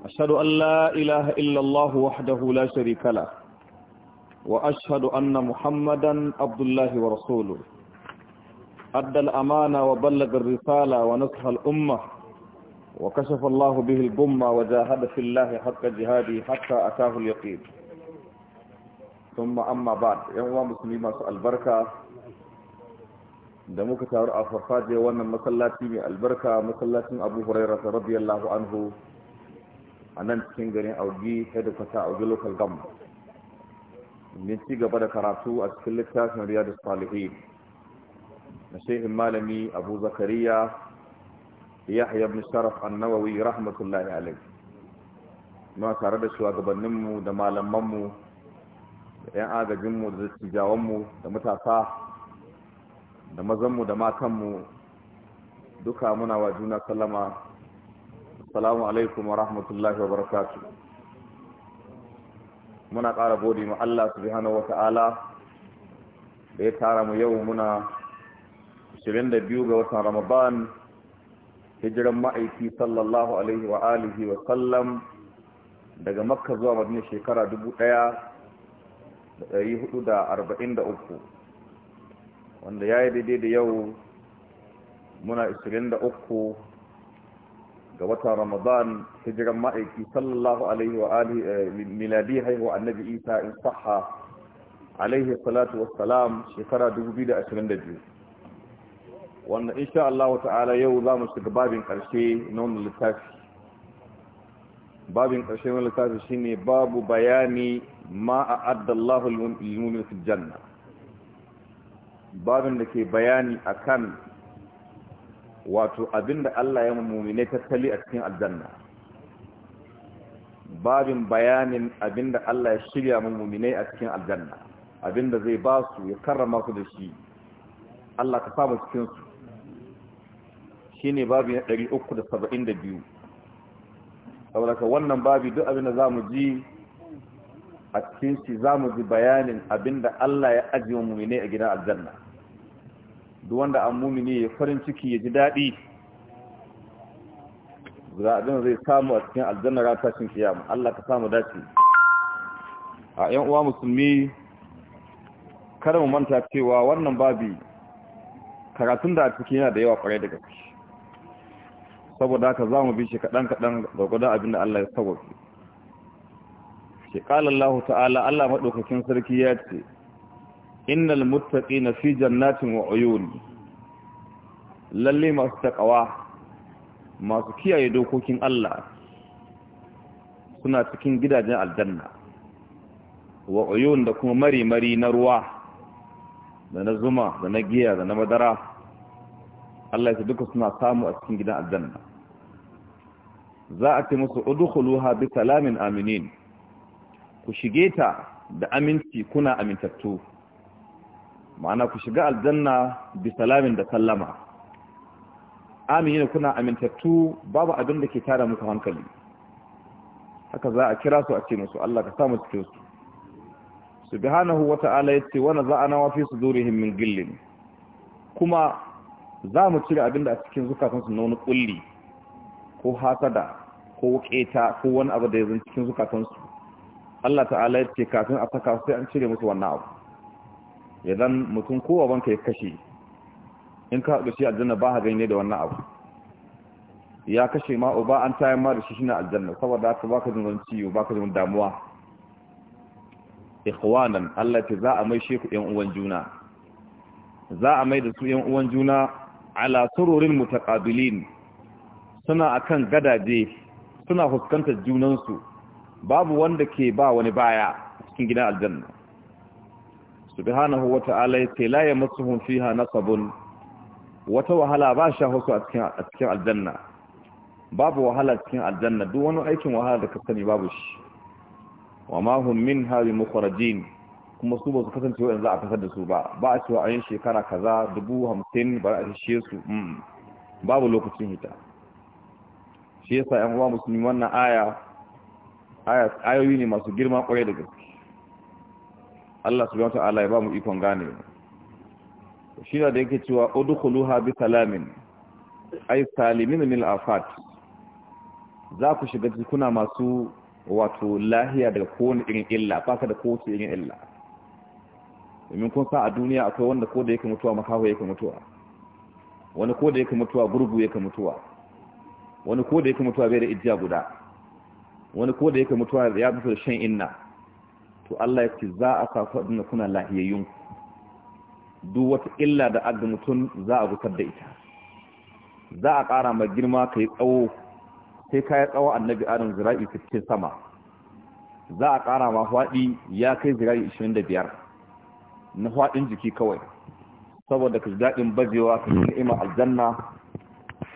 أشهد أن لا إله إلا الله وحده لا شريك له وأشهد أن محمدا عبد الله ورسوله أدى الأمانة وبلغ الرسالة ونصح الأمة وكشف الله به الغمة وجاهد في الله حق جهاده حتى أتاه اليقين ثم أما بعد يوم مسلمين البركة da muka taru a farfaje wannan masallaci mai albarka masallacin abu hurairah radiyallahu anhu a nan cikin garin augi headquarter augi local gam. min ci gaba da karatu a cikin littafin riyadu salihi na shehin malami abu zakariya yahya ibn sharaf annawawi rahmatullahi alaihi muna tare da shugabanninmu da malamanmu da 'yan agajinmu da dattijawanmu da matasa da mazanmu da matanmu duka muna wa juna sallama Salamu alaikum wa rahmatullahi wa barakatu. Muna ƙara godi mu Allah subhanahu wa ta'ala da ya tara mu yau muna 22 ga watan Ramadan hijiran ma'aiki sallallahu alaihi wa alihi wa sallam daga Makka zuwa Madina shekara 1443 wanda ya yi daidai da yau muna 23 ga watan ramadan hijiran ma'aiki sallallahu alaihi wa alihi eh, miladi haihuwa annabi isa in sahha alaihi salatu wassalam shekara 2022 wanda insha Allah ta'ala yau za mu shiga babin karshe na wannan littafi babin karshe na littafi shine babu bayani ma a'adda Allahu lil mu'minin fil janna babin da ke bayani akan wato abinda Allah ya mummune tattali a cikin aljanna babin bayanin abinda Allah ya shirya mummune a cikin aljanna abinda zai ba su ya karrama su da shi Allah ka samu cikin su shine babi na 372 saboda wannan babi duk abinda zamu ji a cikin shi zamu ji bayanin abinda Allah ya ajiye mummune a gidan aljanna duk wanda an mumini ya farin ciki ya ji daɗi a zai samu a cikin aljanna ra tashin kiyama Allah ka samu dace a ‘yan uwa musulmi kada mu manta cewa wannan babi karatun da a ciki yana da yawa kwarai da gaske saboda haka za mu bi shi kaɗan-kaɗan da guda abin da Allah ya saboda shi ƙalallahu ta'ala Allah maɗaukakin sarki ya ce innal muttaqina fi jannatin wa uyun lalle masu takawa masu kiyaye dokokin Allah suna cikin gidajen aljanna wa uyun da kuma mari-mari na ruwa da na zuma da na giya da na madara Allah ya duka suna samu a cikin gidan aljanna za a ce musu udkhuluha bi salamin aminin ku shige ta da aminci kuna amintattu ma'ana ku shiga aljanna bi salamin da sallama amina kuna amintattu babu abin da ke tara muku hankali haka za a kira su a ce musu Allah ka samu cikin su subhanahu wa ta'ala yace wa naza'ana wa fi sudurihim min gillin kuma za mu cire abin da a cikin zukatan na wani kulli ko hasada ko keta ko wani abu da ya zan cikin zukatan Allah ta'ala yace kafin a saka sai an cire musu wannan abu ya mutum kowa banka ya kashe in ka haɗu shi aljanna ba ha ne da wannan abu ya kashe ma uba an tayar ma da shi shi na aljanna saboda haka ba ka jin ciwo ba ka jin damuwa ikhwanan Allah ta za a mai sheku ƴan uwan juna za a mai da su ƴan uwan juna ala sururin mutaqabilin suna akan gadaje suna fuskantar junansu babu wanda ke ba wani baya cikin gidan aljanna subhanahu ta'ala yake la yamassuhum fiha nasabun wata wahala ba sha husu a cikin aljanna babu wahala cikin aljanna duk wani aikin wahala da ka sani babu shi wa ma hum min hadhi mukhrajin kuma su ba su kasance wanda za a fasar da su ba ba a cewa ayin shekara kaza dubu hamsin ba a shi su babu lokacin hita shi yasa yan uwa musulmi wannan aya ayoyi ne masu girma kwarai da gaske Allah subhanahu wataala ya ba mu ikon gane shi da yake cewa ha bi salamin ay salimin min afat za ku shiga kuna masu wato lahiya daga kowane irin illa ba ka da kowace irin illa domin kun sa a duniya akwai wanda ko da yake mutuwa makaho yake mutuwa wani ko da yake mutuwa gurgu yake mutuwa wani ko da yake mutuwa bai da ijiya guda wani ko da yake mutuwa ya mutu da shan inna to Allah ya ce za a sa kuna lahiyayyun duk wata illa da adda mutum za a gusar da ita za a ƙara mai girma ka yi tsawo sai ka yi tsawo annabi adam zira'i 15 sama za a ƙara ma faɗi ya kai zira'i 25 na faɗin jiki kawai saboda ka ji daɗin bajewa ka ji ni'imar aljanna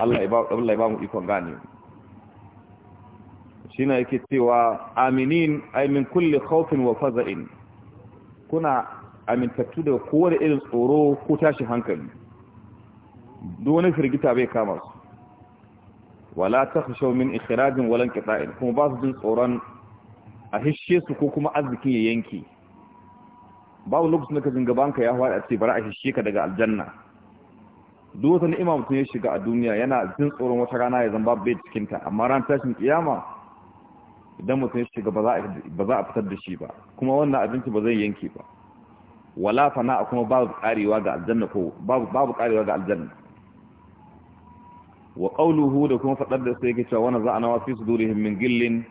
Allah ya ba mu ikon gane shine yake cewa aminin min kulle khawfin wa faza'in kuna amintattu da kowane irin tsoro ko tashi hankali duk wani firgita bai kama su wala takhshaw min ikhrajin wala inqita'in kuma ba su jin tsoron a hishe su ko kuma arzikin ya yanke babu lokacin da ka jinga banka ya fara a ce bari a hishe ka daga aljanna duk wata ni'ima mutum ya shiga a duniya yana jin tsoron wata rana ya zama bai cikinta amma ran tashin kiyama idan mutum ya shiga ba za a fitar da shi ba kuma wannan abinci ba zai yanke ba wala fana kuma babu karewa ga aljanna ko babu karewa ga aljanna wa qawluhu da kuma fadar da sai yake cewa wannan a nawa fi sudurihim min gillin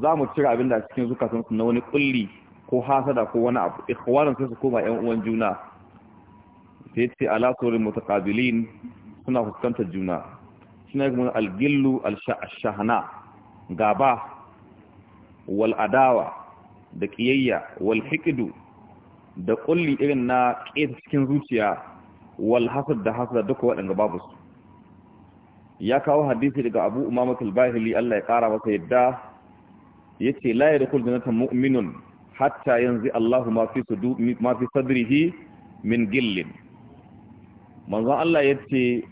za mu cire abin da a cikin zukatan su na wani kulli ko hasada ko wani abu ikhwanan sai su koma ƴan uwan juna sai ce ala surin mutaqabilin suna fuskantar juna shine kuma al-gillu al-shahana gaba wal adawa da ƙiyayya wal hikidu da ƙulli irin na ƙeta cikin zuciya wal hasad da hasad duka waɗanda babu su ya kawo hadisi daga abu umamat al-bahili Allah ya ƙara masa yadda ya ce la ya dukul janatan mu'minun hatta yanzu Allah ma fi sadrihi min gillin manzon Allah ya ce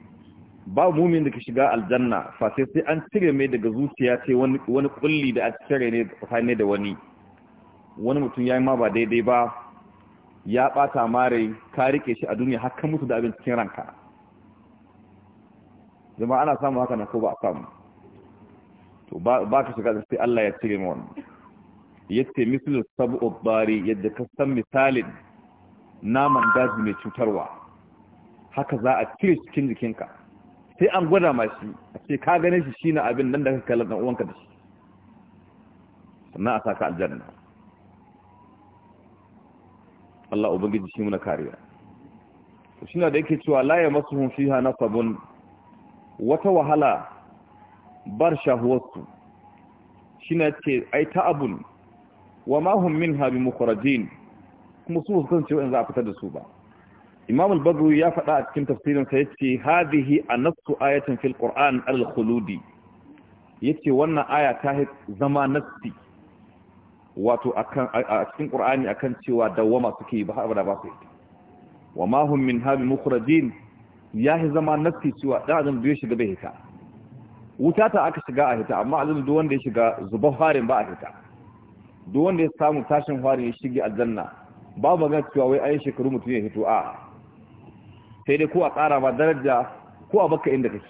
ba mumin da ka shiga aljanna fa sai sai an cire mai daga zuciya ce wani wani kulli da a cire ne tsakani da wani wani mutum yi ma ba daidai ba ya bata mare ka rike shi a duniya har ka mutu da abin cikin ranka zama ana samu haka na ko ba a samu to ba ka shiga sai Allah ya cire mu wannan yace mislu sabu bari yadda ka san misalin naman daji mai cutarwa haka za a cire cikin jikinka sai an gwada ma shi a ce ka gane shi shi na abin nan da ka kalar da uwanka da shi sannan a sa aljanna Allah ubangiji shi muna kariya to shi na da yake cewa la masu masuhun fiha sabon wata wahala bar shahuwarsu shi na ce ai ta abun wa ma hum minha kuma su kan ce wa'in za a fitar da su ba imam al-badru ya faɗa a cikin tafsirinsa ya ce yace hadhihi anassu ayatin fil qur'an al-khuludi ce wannan aya ta zama nassi wato a cikin qur'ani akan cewa dawama suke ba har da ba su yi wa ma hum min habi mukhrajin yahi zama nassi cewa ɗan zan biyo shiga bai hita wuta ta aka shiga a hita amma azan duk wanda ya shiga zuba farin ba a hita duk wanda ya samu tashin farin ya shige aljanna babu magana cewa wai yi shekaru mutune ya hito a sai dai ko a ƙara daraja ko a baka inda kake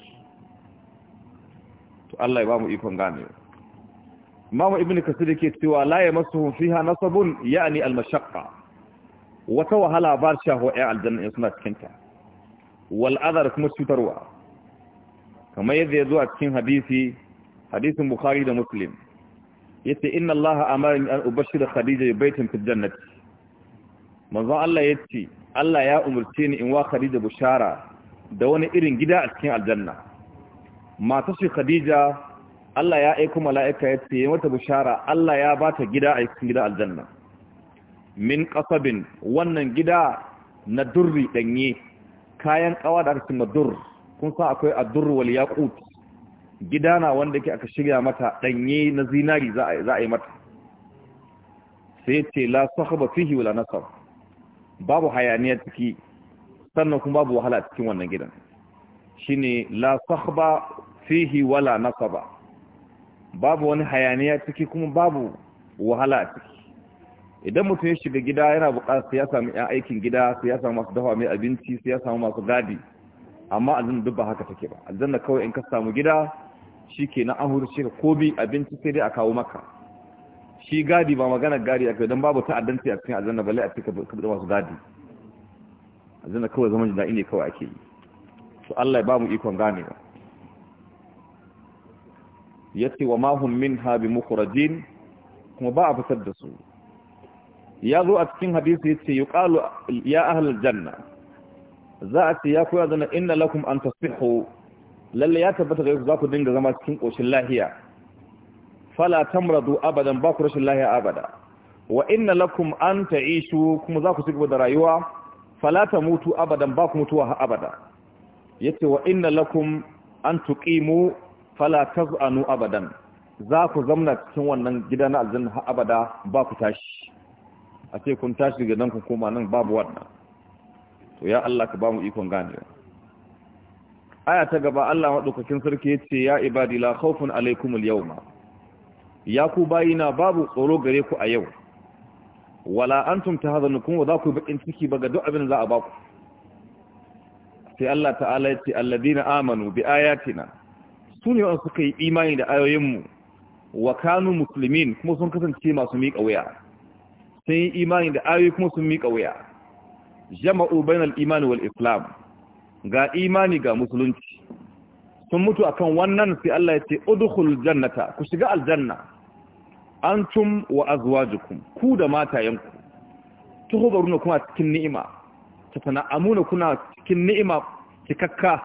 to Allah ya ba mu ikon gane Imam Ibn Kasir yake cewa la yamassuhum fiha nasabun ya'ni al-mashaqqa wata wahala ba sha ya aljanna suna cikin wal kuma cutarwa kamar yadda ya zo a cikin hadisi hadisin Bukhari da Muslim yace inna Allah amarni an ubashshira Khadija bi baitin fil jannati manzon Allah ya ce Allah ya umarce ni in wa Khadija bushara da wani irin gida a cikin aljanna mata shi Khadija Allah ya aika mala'ika ya ce mata bushara Allah ya bata gida a cikin gida aljanna min qasabin wannan gida na durri danye kayan kawa da aka madur kun sa akwai adur wal yaqut gida na wanda yake aka shirya mata danye na zinari za a yi mata sai ce la sahaba fihi wala nasab babu hayaniya ciki sannan kuma babu wahala cikin wannan gidan shine la sahba fihi wala nasaba babu wani hayaniya ciki kuma babu wahala ciki idan mutum ya shiga gida yana buƙatar sai ya samu yan aikin gida sai ya samu masu dafa mai abinci sai ya samu masu gadi amma a duk ba haka take ba aljanna kawai in ka samu gida shi ke na an hurce ka kobi abinci sai dai a kawo maka shi gadi ba magana gadi a kai don babu ta'addanci a cikin aljanna balle a cikin kabda masu gadi aljanna kawai zaman jina ne kawai ake yi to Allah ya ikon mu ikon ya ce wa mahun min habi mukurajin kuma ba a fitar da su ya zo a cikin hadisi yace yuqalu ya ahal janna za a ce ya koya zana inna lakum an ko. lalle ya tabbata ga yau za ku dinga zama cikin koshin lahiya fala tamradu abadan ba ku rashin lahiya abada wa inna lakum an ta'ishu kuma za ku cigaba da rayuwa fala tamutu abadan ba ku mutuwa ha abada yace wa inna lakum an tuqimu fala taz'anu abadan za ku zamna cikin wannan gida na aljanna ha abada ba ku tashi a ce kun tashi daga nan kun koma nan babu wannan to ya Allah ka ba mu ikon gane. aya ta gaba Allah madaukakin sarki yace ya ibadi la khawfun alaykum al-yawma ya ku bayina babu tsoro gare ku a yau wala antum kun wa za ku bakin ciki ba ga duk abin za a ba ku sai Allah ta'ala ya ce alladina amanu bi ayatina ne wanda suka yi imani da ayoyinmu wa kanu muslimin kuma sun kasance masu miƙa wuya sun yi imani da ayoyi kuma sun miƙa wuya jama'u bainal imani wal islam ga imani ga musulunci sun mutu akan wannan sai Allah ya ce udkhul jannata ku shiga aljanna antum wa azwajukum ku da matayenku tuhubaruna kuma cikin ni'ima Amuna kuna cikin ni'ima cikakka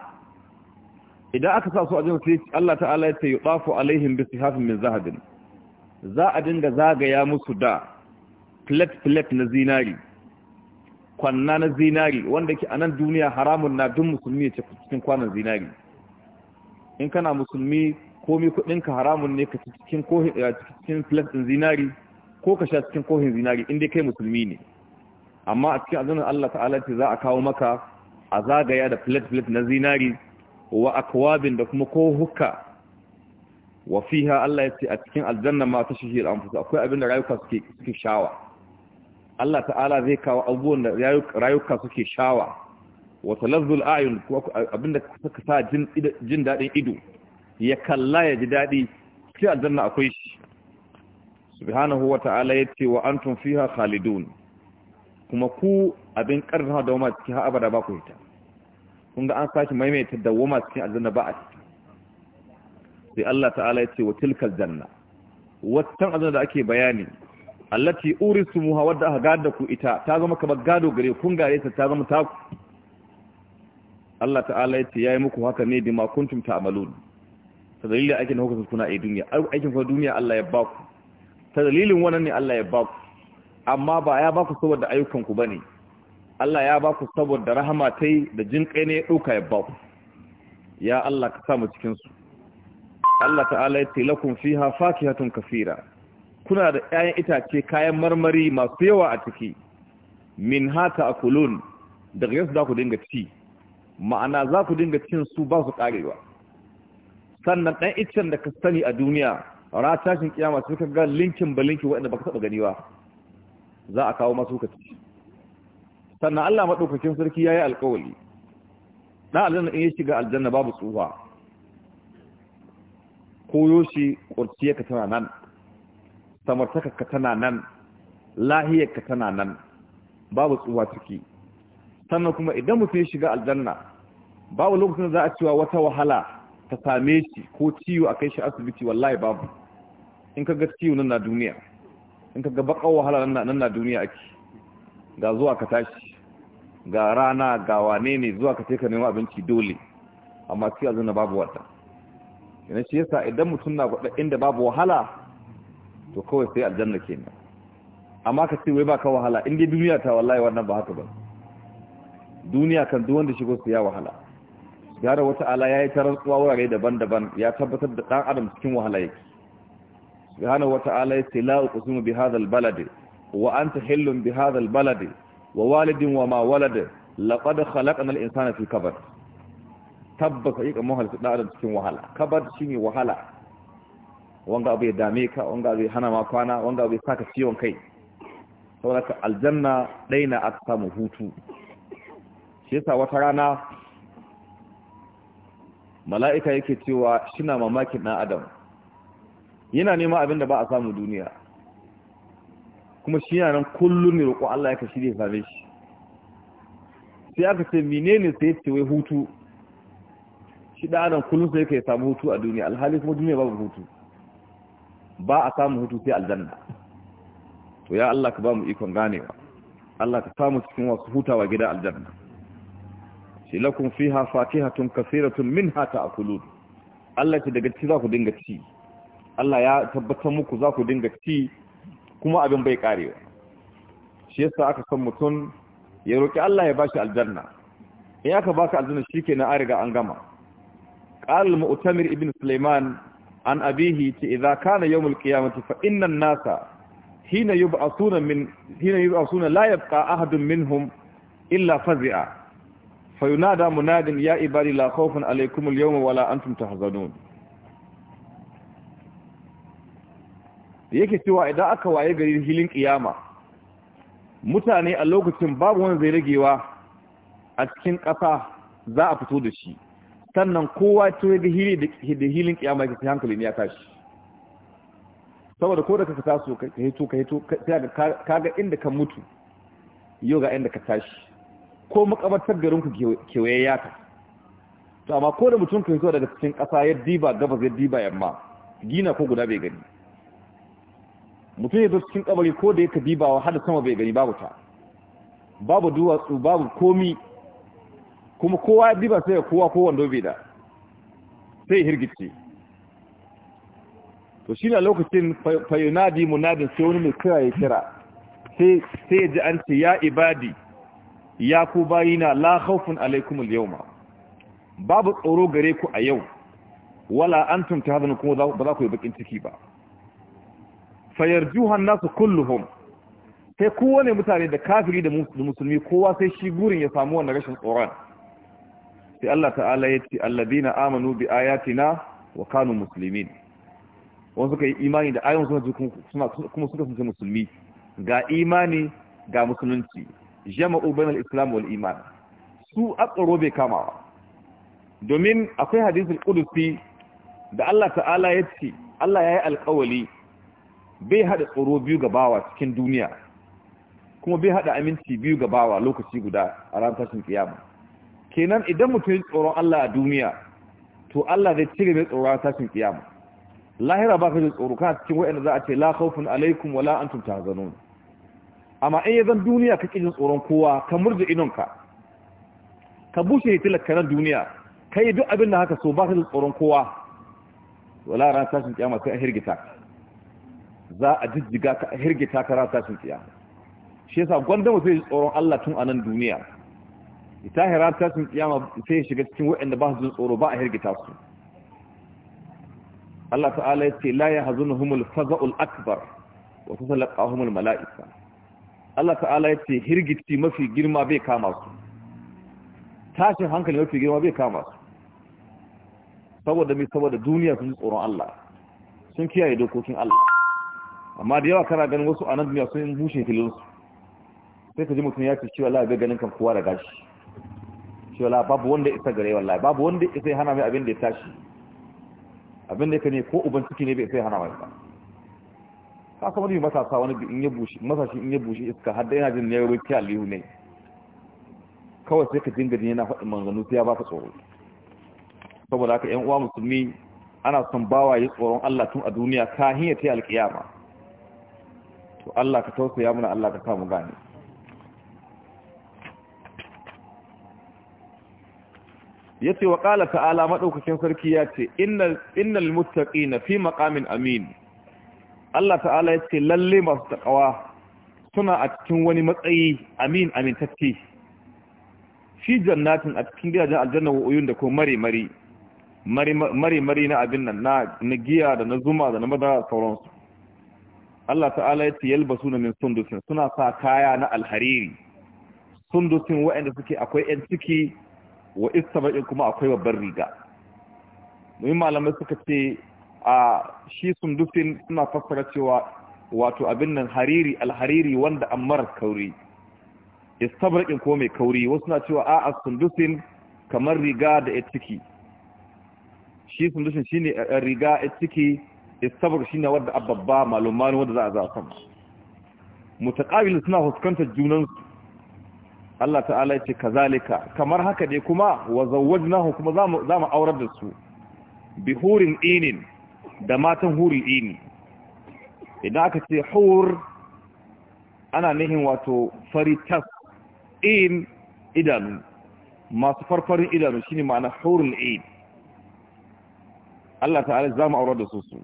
idan aka sa su a jinsu Allah ta'ala ya ce yudafu alaihim bi sihafin min zahabin za a dinga zagaya musu da plate plate na zinari kwanna na zinari wanda ke anan duniya haramun na duk musulmi ya ce cikin kwanan zinari in kana musulmi komi ka haramun ne ka cikin kohin cikin plastin zinari ko ka sha cikin kohin zinari inda kai musulmi ne amma a cikin azanin Allah ta'ala ce za a kawo maka a zagaya da plate plate na zinari wa akwabin da kuma ko hukka wa fiha Allah ya ce a cikin aljanna ma ta shihil anfusa akwai abin da rayuka suke shawa Allah ta'ala zai kawo abubuwan da rayuka suke shawa wa talazzul ayun abinda suka sa jin dadin ido ya kalla ya ji daɗi sai aljanna akwai shi subhanahu wa ta'ala ya ce wa antum fiha khalidun kuma ku abin ƙarfin hada dawoma cikin ha abada ba ku hita kun ga an sashi maimaita da dawoma cikin aljanna ba a ciki? sai Allah ta'ala ya ce wa tilkal janna wattan aljanna da ake bayani allati urisumuha wadda aka gada ku ita ta zama kamar gado gare kun gare ta ta zama taku Allah ta'ala ya ce yayi muku haka ne bima kuntum ta'malun ta dalilin aikin da kuka kuna a duniya aikin kuma duniya Allah ya ba ku ta dalilin wannan ne Allah ya ba ku amma ba ya ba ku saboda ayyukan ku bane Allah ya ba ku saboda rahama tai da jin kai ne ya dauka ya ba ku ya Allah ka sa mu cikin su Allah ta'ala ya ce lakum fiha fakihatun kaseera kuna da ƴaƴan itace kayan marmari masu yawa a ciki min hata akulun daga yasu za ku dinga ci ma'ana za ku dinga cin su ba su karewa sannan ɗan iccen da ka sani a duniya ra tashin kiyama sai ka ga linkin ba linkin waɗanda ka taɓa gani ba za a kawo masu kaci sannan Allah maɗaukakin sarki ya yi alƙawali ɗan aljanna in ya shiga aljanna babu tsufa koyo shi ƙurciyarka tana nan ka tana nan lahiyarka tana nan babu tsufa ciki sannan kuma idan mutum ya shiga aljanna babu lokacin da za a cewa wata wahala ta same shi ko ciwo a kai shi asibiti wallahi babu in ka ga ciwo nan na duniya in ka ga bakar wahala nan na duniya ake ga zuwa ka tashi ga rana ga wane ne zuwa ka teka neman abinci dole amma a zana babu wata yana shi yasa idan mutum na kwaɗa inda babu wahala to kawai sai aljanna kenan amma ka ce wai ba ka wahala inda duniya ta wallahi wannan ba haka ba duniya kan duwanda wanda shigo su ya wahala gara wata ala ya yi tarar tsuwa wurare daban-daban ya tabbatar da ɗan adam cikin wahala yake gara wata ala ya ce la'u kusumu bi hadal balade wa an ta hillun bi hadal balade wa walidin wa ma walade laƙada halakan al'insana fi kabar tabbata yi kamar halittu ɗan adam cikin wahala kabar shi ne wahala wanga abu ya dame ka wanga abu ya hana ma kwana wanga abu ya saka ciwon kai saboda aljanna ɗaya na aka samu hutu shi yasa wata rana mala'ika yake cewa shina mamakin ɗan adam yana nema abin da ba a samu duniya kuma shi nan kullum ne roƙo Allah ya ka shirya same shi sai aka ce menene sai ce wai hutu shi da adam kullum sai ka yi samu hutu a duniya alhali kuma duniya babu hutu ba a samu hutu sai aljanna to ya Allah ka ba mu ikon ganewa Allah ka samu cikin wasu hutawa gida aljanna shi lakum fiha fatihatun kasiratun minha ta'kulun Allah ce daga ci za ku dinga ci Allah ya tabbatar muku za ku dinga ci kuma abin bai karewa shi yasa aka san mutum ya roƙi Allah ya bashi aljanna in aka baka aljanna na an riga an gama qal mu'tamir ibn sulaiman an abihi ce idza kana yawmul qiyamati fa innan nasa hina yub'asuna min hina yub'asuna la yabqa ahadun minhum illa fazi'a فينادى مناد يا عبادي لا خوف عليكم اليوم ولا انتم تحزنون yake cewa idan aka waye gari hilin kiyama mutane a lokacin babu wani zai ragewa a cikin ƙasa za a fito da shi sannan kowa to ya da hilin kiyama yake hankali ne ya tashi saboda ko da ka taso ka hito ka hito ka ga inda ka mutu yau ga inda ka tashi ko makabartar garin ku kewaye ka. to amma ko da mutum kai fito daga cikin ƙasa ya diba gabas ya diba yamma gina ko guda bai gani mutum ya zo cikin kabari ko da yake wa hada sama bai gani babu ta babu duwatsu babu komi kuma kowa ya diba sai ya kowa ko wando bai da sai hirgice to shi na lokacin fayunadi munadin sai wani mai kira ya kira sai ya ji an ce ya ibadi ya ku bayina la khawfun alaikum al babu tsoro gare ku a yau wala antum tahzanu kuma ba za ku yi bakin ciki ba fayarjuha an-nasu kulluhum sai kowane mutane da kafiri da musulmi kowa sai shi gurin ya samu wannan rashin tsoron sai Allah ta'ala ya ce alladina amanu bi ayatina wa kanu muslimin wanda suka yi imani da ayoyin suna kuma suka sunce musulmi ga imani ga musulunci jama'u bainal islam wal iman su atsaro bai kamawa domin akwai hadisul qudusi da Allah ta'ala ya ce Allah ya yi alƙawali bai haɗa tsoro biyu ga bawa cikin duniya kuma bai haɗa aminci biyu ga bawa lokaci guda a ran tashin kiyama kenan idan mutum ya tsoron Allah a duniya to Allah zai cire mai tsoron tashin kiyama lahira ba ka ji tsoro kana cikin wa'anda za a ce la khawfun alaikum wala antum tahzanun amma in ya zan duniya ka ƙi jin tsoron kowa ka murza inonka ka bushe hitilar ka nan duniya ka yi duk abin da haka so ba ka jin tsoron kowa wala ran tashin kiyama sai a hirgita za a jijjiga ka a hirgita ka ran tashin kiyama shi yasa gwanda mu sai ji tsoron Allah tun a nan duniya ita hira tashin kiyama sai ya shiga cikin wa'anda ba su jin tsoro ba a hirgita su Allah ta'ala ya ce la yahzunuhumul faza'ul akbar wa tusallaqahumul mala'ika Allah ta'ala ya ce hirgiti mafi girma bai kama su tashin hankali mafi girma bai kama su saboda mai saboda duniya sun tsoron Allah sun kiyaye dokokin Allah amma da yawa kana ganin wasu a nan duniya sun bushe filinsu sai ka ji mutum ya ce cewa wala ga ganin kan kowa da gashi cewa wala babu wanda isa gare wallahi babu wanda isa hana mai abin da ya tashi abin da ka ne ko uban ciki ne bai isa hana mai ba ka kamar yi masasa wani in ya bushe masashi in ya bushe iska har yana jin ya rubuta aliyu ne kawai sai ka dinga jin yana faɗin manzannu sai ya ka tsoro saboda haka ƴan uwa musulmi ana son yi tsoron Allah tun a duniya ka hiya ta alƙiyama to Allah ka tausaya mana Allah ka samu gane yace wa qala ta'ala madaukakin sarki yace innal innal muttaqina fi maqamin amin Allah ta'ala ya ce lalle masu taƙawa suna a cikin wani matsayi amin tafi shi jannatin a cikin gidajen aljanna wa uyun da ko mare-mare mare-mare na abin nan na giya da na zuma da na madara sauransu Allah ta'ala ya ce yalbasu na min sundusin suna sa kaya na alhariri sundusin waɗanda suke akwai 'yan ciki wa isa kuma akwai babbar riga muhimmalamai suka ce a shi sundufin suna fassara cewa wato abin nan hariri alhariri wanda an mara kauri istabrakin ko mai kauri wasu na cewa a a sundusin kamar riga da ya ciki shi sundufin shi ne eh, eh, riga ya ciki istabrak shi ne wadda ababba malumman wadda za a za a sama mutaƙabil suna fuskantar junansu Allah ta'ala ya ce kazalika kamar haka dai kuma wa zawwajnahu kuma za mu aurar da su bihurin inin da matan huri ini idan aka ce hur ana nihin wato faritas in idanu masu farfarin idanu shine ma'ana hurul in Allah ta'ala zama aure da su su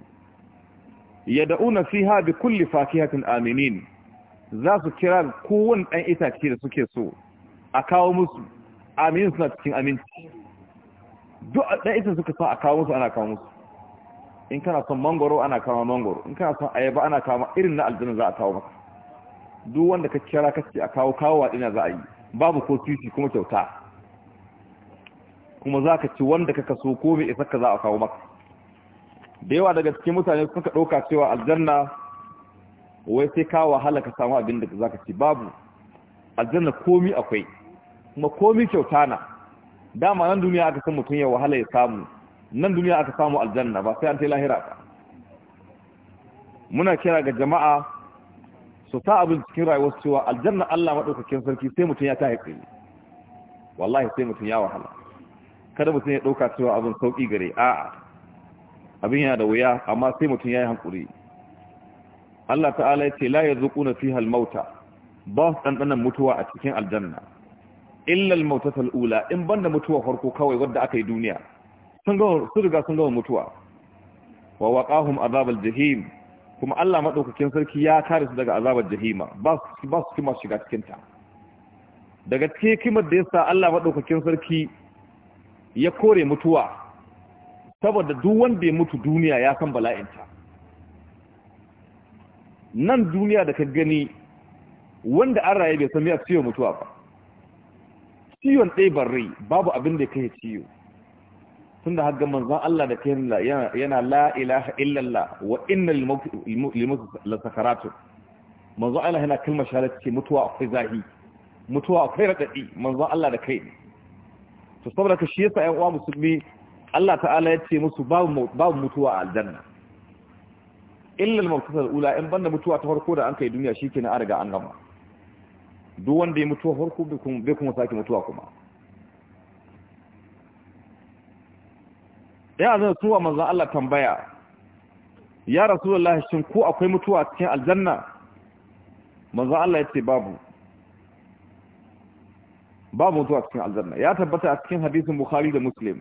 yad'una fiha bi kulli fakihatin aminin za su kira kowanne dan itace da suke so a kawo musu aminin suna cikin aminci duk dan itace suka sa a kawo musu ana kawo musu in kana son mangoro ana kama mangoro in kana son ayaba ana kama irin na aljanna za a kawo maka duk wanda ka kira ka ce a kawo kawo wa dina za a yi babu ko titi kuma kyauta kuma za ka ci wanda ka kaso ko mai isa ka za a kawo maka da yawa daga cikin mutane suka ɗauka cewa aljanna wai sai ka wahala ka samu abin da za ka ci babu aljanna komi akwai kuma komi kyauta na dama nan duniya aka san mutum ya wahala ya samu nan duniya aka samu aljanna ba sai an ta lahira ba muna kira ga jama'a su ta abin cikin rayuwar cewa aljanna Allah maɗaukakin sarki sai mutum ya tahi tsaye wallahi sai mutum ya wahala kada mutum ya ɗauka cewa abin sauƙi gare a'a abin yana da wuya amma sai mutum ya yi hankuri Allah ta'ala ya ce la yazuquna fiha al-mauta ba su ɗanɗanan mutuwa a cikin aljanna illa al-mautatul ula in banda mutuwa farko kawai wadda aka yi duniya sun riga sun gama mutuwa wa waqahum azabal jahim kuma Allah madaukakin sarki ya kare su daga azabar jahima ba su ba su kuma shiga cikin ta daga cikin kimar da yasa Allah madaukakin sarki ya kore mutuwa saboda duk wanda ya mutu duniya ya san ta nan duniya da ka gani wanda an raye bai san ya ciwo mutuwa ba ciwon ɗaya barri babu abin da kai ciwo tunda hagga manzon Allah da kai yana la ilaha illallah wa innal limut la Manzan manzon Allah yana kalmar shahada ce mutuwa akwai zahi mutuwa akwai radadi manzon Allah da kai to saboda ka shi yasa ƴan uwa musulmi Allah ta'ala ya ce musu babu babu mutuwa a aljanna illa al-mawtatul ula in banda mutuwa ta farko da an kai duniya shikenan an riga an gama duk wanda ya mutuwa farko bai kuma sake mutuwa kuma ya zan tuwa manzan Allah tambaya ya rasulullahi shi ko akwai mutuwa a cikin aljanna manzan Allah ya ce babu babu mutuwa a cikin aljanna ya tabbata a cikin hadisin bukhari da muslim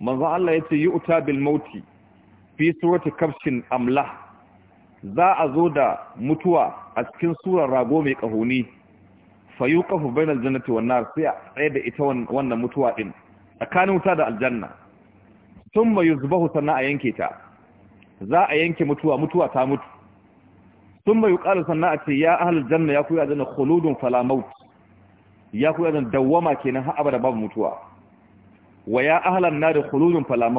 manzan Allah ya ce yi uta bil mauti fi surati kafshin amla za a zo da mutuwa a cikin surar rago mai kahoni fayuqafu bainal jannati wan nar sai a da ita wannan mutuwa din tsakanin wuta da aljanna sun mai yuzbahu sannan a yanke ta za a yanke mutuwa mutuwa ta mutu sun mai ƙalar sannan a ce ya ahal janna ya kuya zana khuludun fala falamaut ya kuya zana dawwama nan haɓa da babu mutuwa wa ya ahalar na da khuludun fala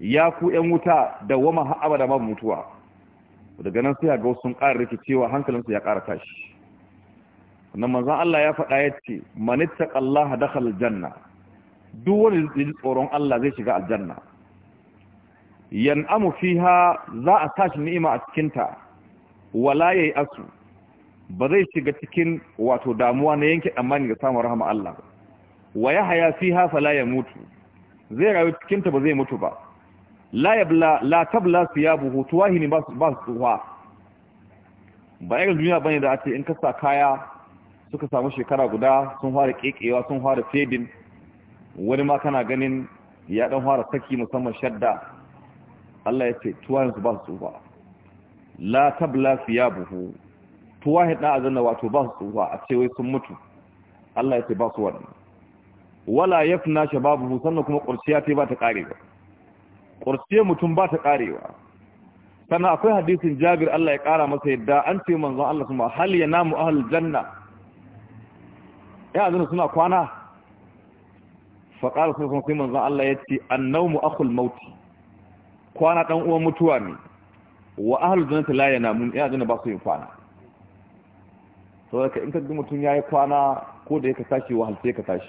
ya ku yan wuta dawwama haɓa da babu mutuwa daga nan sai ga sun ƙara cewa hankalinsu ya ƙara tashi nan manzan Allah ya faɗa yace da dakhala janna duk wani tsoron Allah zai shiga aljanna Yan amu fiha za a tashi ni'ima a cikinta wala yayi asu ba zai shiga cikin wato damuwa na yanke amani ga samun rahama Allah wa yahya fiha fala yamutu zai rayu cikinta ba zai mutu ba la yabla la tabla siyabuhu tuwahini ba ba suwa ba irin duniya bane da ake in kasa kaya suka samu shekara guda sun fara kekewa sun fara fedin. wani ma kana ganin ya dan fara saki musamman shadda Allah ya ce tuwahin su ba su tsufa la tabla buhu tuwahin da azanna wato ba su tsufa a ce wai sun mutu Allah ya ce ba su wannan wala yafna shababuhu sannan kuma kurciya ta ba ta ba kurciya mutum ba ta karewa sannan akwai hadisin Jabir Allah ya kara masa yadda an ce manzon Allah kuma hal yanamu ahlul janna ya azanna suna kwana faƙar sai kuma kuma zan Allah ya ce annawmu akhul mauti kwana ɗan uwan mutuwa ne wa ahlul jannati la yanamun ya janna ba su yin kwana to haka in ka ga mutum yi kwana ko da yake tashi wa halce ka tashi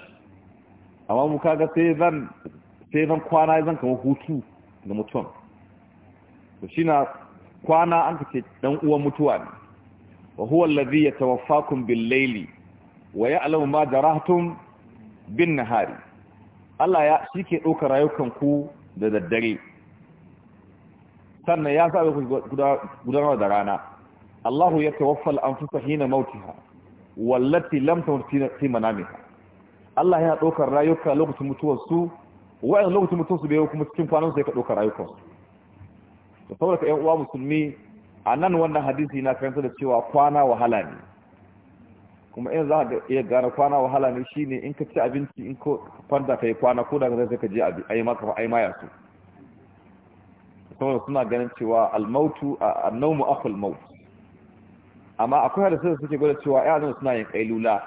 amma mu kaga sai zan sai zan kwana zan kama hutu ga mutum to shi na kwana an kace dan uwan mutuwa ne wa huwa alladhi yatawaffakum bil layli wa ya'lamu ma jarahtum bin nahari Allah ya shi ke ɗauka rayukan ku da daddare sannan ya sa ku gudanar da rana Allahu ya tawaffal anfusa hina mautiha wallati lamta tamut fi manamiha Allah ya ɗaukar rayuka lokacin mutuwarsu wa'in lokacin mutuwarsu bai kuma cikin kwanan sai ka ɗaukar rayukansu da saboda ka ‘yan uwa musulmi a nan wannan hadisi na karanta da cewa kwana wahala ne kuma in za ka iya gane kwana wahala ne shine in ka ci abinci in ko fanda kai kwana ko daga zai ka je a yi maka ai ma su saboda suna ganin cewa almautu annawmu akhul maut amma akwai hadisi da suke gwada cewa ya zan suna yin kailula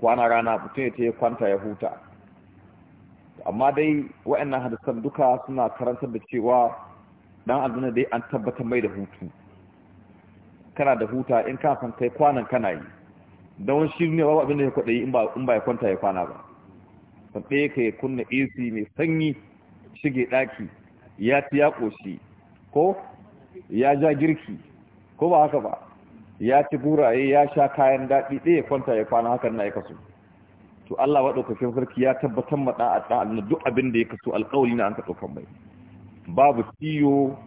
kwana rana mutum ya ta kwanta ya huta amma dai waɗannan hadisan duka suna karantar da cewa dan azuna dai an tabbatar mai da hutu kana da huta in ka san kai kwanan kana yi don shi ne ba abin da ya kwaɗayi in ba ya kwanta ya kwana ba sabbe ka yi kunna ac mai sanyi shige ɗaki ya ci ya ƙoshi ko ya ja girki ko ba haka ba ya ci buraye ya sha kayan daɗi ɗaya kwanta ya kwana hakan na ya kasu to Allah wa ɗaukakin sarki ya tabbatar ma ɗan adam na duk abin da ya kasu alƙawari na an ka ɗaukan mai babu ciyo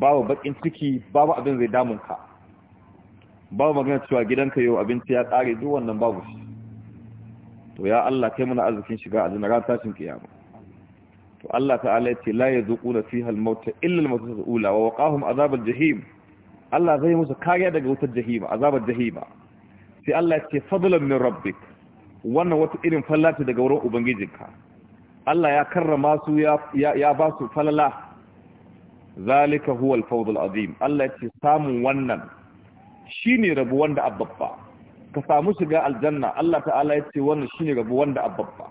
babu baƙin ciki babu abin zai damun ka babu magana cewa gidanka yau abinci ya tsare duk wannan babu shi to ya Allah kai mana arzikin shiga a jinara tashin kiyama to Allah ta'ala ya ce la yazuquna fiha al-mauta illa al-mautat al-ula wa waqahum azab al-jahim Allah zai musu kariya daga wutar jahima azabar jahima sai Allah ya ce fadlan min rabbik wannan wata irin fallace daga wurin ubangijinka Allah ya karrama su ya ba su falala zalika huwa al-fawz al-azim Allah ya ce samun wannan Shi ne rabu wanda ababba. ka samu shiga aljanna Allah ta'ala ya ce wannan shi ne rabu wanda abbabba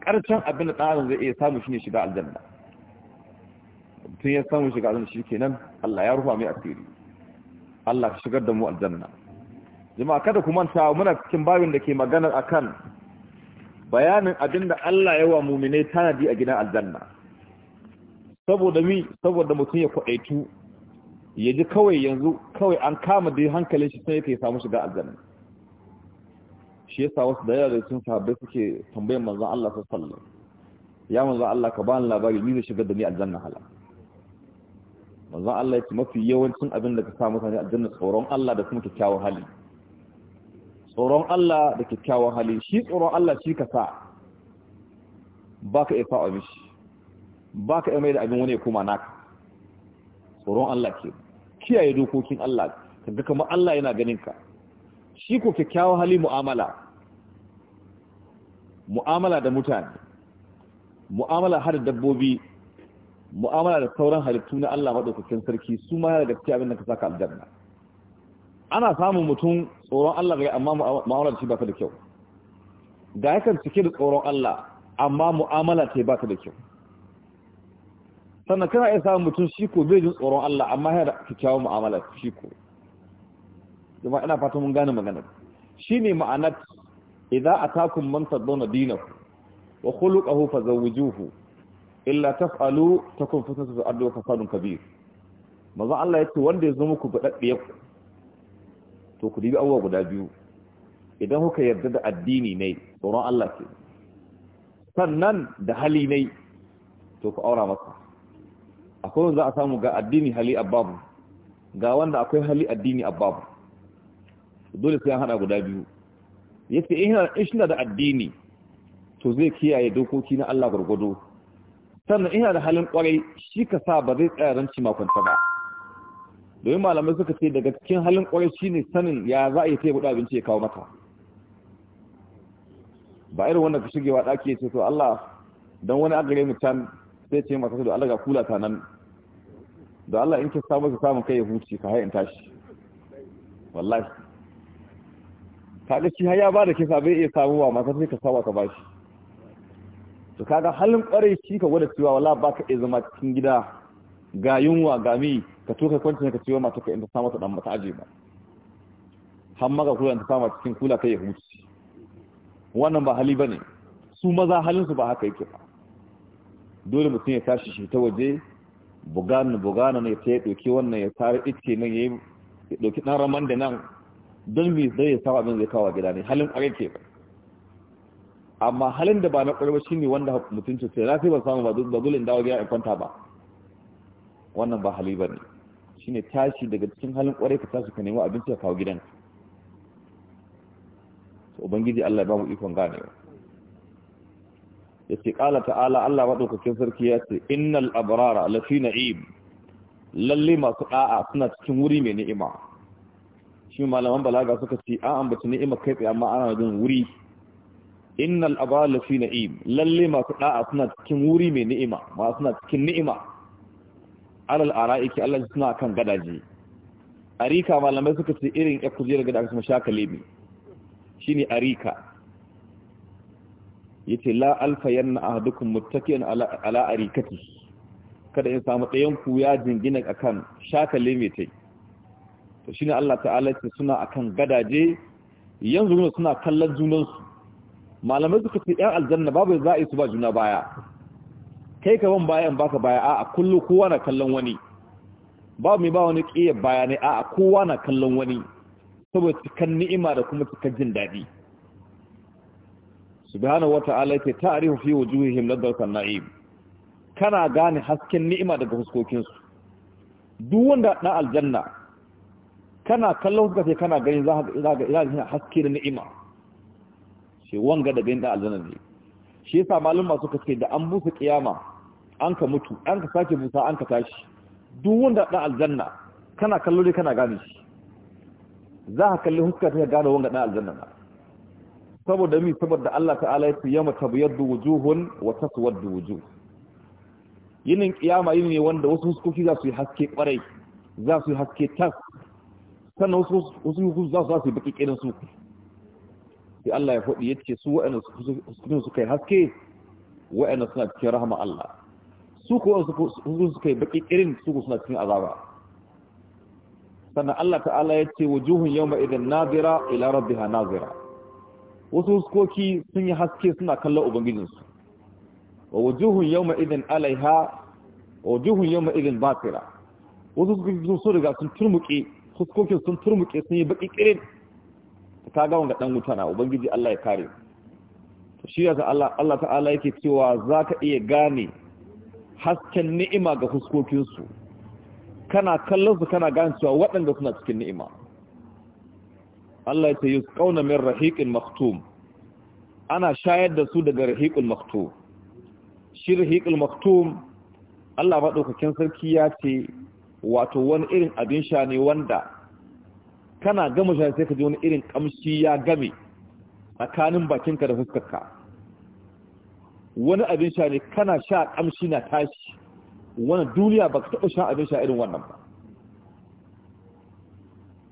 ƙarshen abin da tsarin zai iya samu shi ne shiga aljanna tun ya samu shiga aljanna kenan Allah ya rufa mai asiri Allah ka shigar da mu aljanna jama'a kada ku manta muna cikin babin da ke magana akan bayanin abin da Allah ya wa mu'minai tanadi a gidan aljanna saboda mi saboda mutum ya kwaɗaitu ya ji kawai yanzu kawai an kama da hankalin shi sai kai samu shiga aljanna shi yasa wasu da yawa sun sabbe suke tambayar manzon Allah sallallahu alaihi wasallam ya manzon Allah ka bani labari ni zai shiga da ni aljanna hala manzon Allah yake mafi yawancin abin da ka sa mutane aljanna tsoron Allah da kuma kyakkyawan hali tsoron Allah da kyakkyawan hali shi tsoron Allah shi ka sa baka iya a mishi baka iya mai da abin wani ya koma naka tsoron Allah ke kiyaye dokokin Allah kaga kamar Allah yana ganin ka shi ko kyakkyawan hali mu'amala mu'amala da mutane mu'amala har da dabbobi mu'amala da sauran halittu na Allah madaukakin sarki su ma yana gaskiya abin da ka saka aljanna ana samun mutum tsoron Allah ga amma mu'amala shi ba ta da kyau ga yakan cike da tsoron Allah amma mu'amala ta ba ta da kyau sannan kana iya samun mutum shi ko bai jin tsoron Allah amma yana da kyakkyawar mu'amala shi ko kuma ina fata mun gane magana shi. ne ma'anar idza atakum man tadawna dinahu wa khuluquhu fazawwijuhu illa taf'alu takun fitnatun fil ardi wa fasadun kabir manzo Allah yace wanda ya zo muku gadaddiya ku to ku dibi awwa guda biyu idan kuka yarda da addini ne tsoron Allah ke sannan da hali ne to ku aura masa akwai wanda za a samu ga addini hali ababu ga wanda akwai hali addini ababu dole sai an hada guda biyu yace in shi da addini to zai kiyaye dokoki na Allah gurgudu sannan ina da halin kwarai shi ka sa ba zai tsaya ranci makonta ba domin malamai suka ce daga cikin halin kwarai shine sanin ya za a yi sai guda abinci ya kawo mata ba irin wanda ka shigewa ɗaki ya ce to Allah don wani agare mu can sai ce masu da Allah ga kula ta nan da Allah in ke samu ki samu kai ya huce ka hayin tashi wallahi kaga shi har ya ba da kisa bai iya samuwa ma sai ka saba ka bashi to kaga halin kwarai shi ka gwada cewa wallahi baka iya zama cikin gida ga yunwa ga mi ka to ka kwanta ka ciwo mata ka inda samu ta dan mata aje ba har maka kula ta samu cikin kula kai ya huce wannan ba hali bane su maza halin su ba haka yake ba dole mutum ya tashi shi ta waje bugana bugana ne ta ya ɗauki wannan ya tare ice nan ya yi ɗauki ɗan raman da nan don me zai ya sawa abin zai kawo gida ne halin ƙwarai ke ba amma halin da ba na ƙwarai ba shi ne wanda mutum ce na sai ban samu ba dole in dawo gida in kwanta ba wannan ba hali ba ne shi ne tashi daga cikin halin ƙwarai ka tashi ka nemi abinci ka kawo gidan ubangiji Allah ya ba mu ikon ganewa yace kala ta'ala Allah madaukakin sarki ya ce innal abrara lafi na'im lalle masu da'a suna cikin wuri mai ni'ima shi malaman balaga suka ce an ambaci ni'ima kai tsaye amma ana jin wuri innal abrara lafi na'im lalle masu da'a suna cikin wuri mai ni'ima ma suna cikin ni'ima alal ara'iki Allah suna kan gadaje arika malamai suka ce irin ya kujerar gada aka shaka lebi shine arika yace la alfa yanna ahadukum muttakiyan ala arikati kada in samu ɗayan ku ya jingina akan shakale mai tai to shine Allah ta'ala ce suna akan gadaje yanzu ne suna kallon junan su malamai suka ce yan aljanna babu za'i su ba juna baya kai ka ban baya in baka baya a'a kullu kowa na kallon wani ba mai ba wani ƙiyar bayanai a'a kowa na kallon wani saboda cikan ni'ima da kuma cika jin daɗi subhanahu wata'ala yake ta'rifu fi wujuhihim ladratan na'im kana gane hasken ni'ima daga su duk wanda na aljanna kana kallon huska sai kana gani za ga za ila haske da ni'ima shi wanga da ganin da aljanna ne shi yasa malama suka ce da an busa kiyama an ka mutu an ka sake busa an ka tashi duk wanda na aljanna kana kallo ne kana gane shi za ka kalli huska sai ka gane wanga na aljanna na saboda mi saboda Allah ta'ala ya yama tabyaddu wujuhun wa taswaddu wujuh yinin kiyama yin ne wanda wasu huskoki za su yi haske kwarai za su yi haske tas sannan wasu wasu huskoki za su yi baki kirin su sai Allah ya faɗi ya ce su wa'anda huskokin suka yi haske wa'anda suna cikin rahama Allah su ko huskokin suka yi baki kirin su ko suna cikin azaba sannan Allah ta'ala ya ce wujuhun yawma idan nazira ila rabbiha nazira wasu huskoki sun yi haske suna kallon ubangijinsu wa wujuhun yawma idin alaiha wa wujuhun yawma idin basira wasu huskoki sun so daga sun turmuke huskokin sun turmuke sun yi baki kirin ta ga wanga dan wuta na ubangiji Allah ya kare ta shi yasa Allah Allah ta'ala yake cewa ka iya gane hasken ni'ima ga huskokinsu? kana kallon su kana gane cewa waɗanda suna cikin ni'ima Allah ya ce yusqauna min rahiqin maktum ana shayar da su daga rahiqul maktum shi rahiqul maktum Allah madaukakin sarki ya ce wato wani irin abin sha ne wanda kana gama shi sai ka ji wani irin kamshi ya game tsakanin bakinka da fuskarka wani abin sha ne kana sha kamshi na tashi wani duniya ba ka taɓa sha abin sha irin wannan ba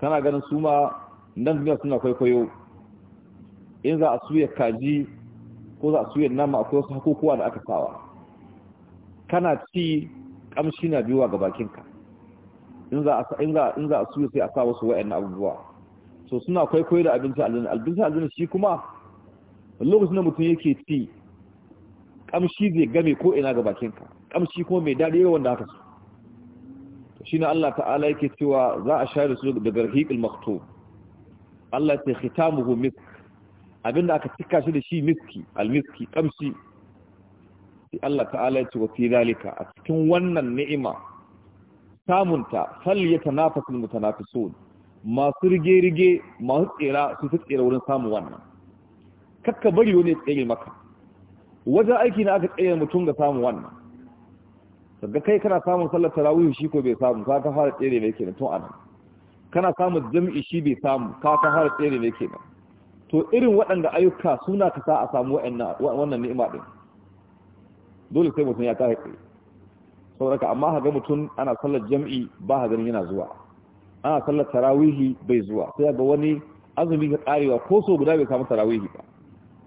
kana ganin su ma nan duniya suna kwaikwayo in za a suya kaji ko za a suya nama akwai wasu hakukuwa da aka sawa kana ci kamshi na biyuwa ga bakinka in za a suya sai a sa wasu wa'yan abubuwa so suna kwaikwayo da abinci aljini albinci aljini shi kuma lokacin da mutum yake ci kamshi zai game ko ina ga bakinka kamshi kuma mai daɗi yawan wanda aka so shi na Allah ta'ala yake cewa za a share su daga rahiqul maktub Allah ya ce khitamuhu misk abinda aka cika shi da shi miski almiski kamshi sai Allah ta'ala ya ce wa fi zalika a cikin wannan ni'ima samunta falyatanafasul mutanafisun masu rige-rige masu tsira su su tsira wurin samun wannan kakka bari wani tsayi maka wajen aiki na aka tsaye mutum ga samun wannan daga kai kana samun sallar tarawih shi ko bai samu ka ka fara tsere mai kenan tun anan kana samun jami'i shi bai samu ka ta har tsere ne kenan to irin waɗanda ayyuka suna ka sa a samu wannan ni'ima ɗin dole sai mutum ya kare tsaye saboda amma haga mutum ana sallar jami'i ba ha ganin yana zuwa ana sallar tarawihi bai zuwa sai ga wani azumi ka karewa ko so guda bai samu tarawihi ba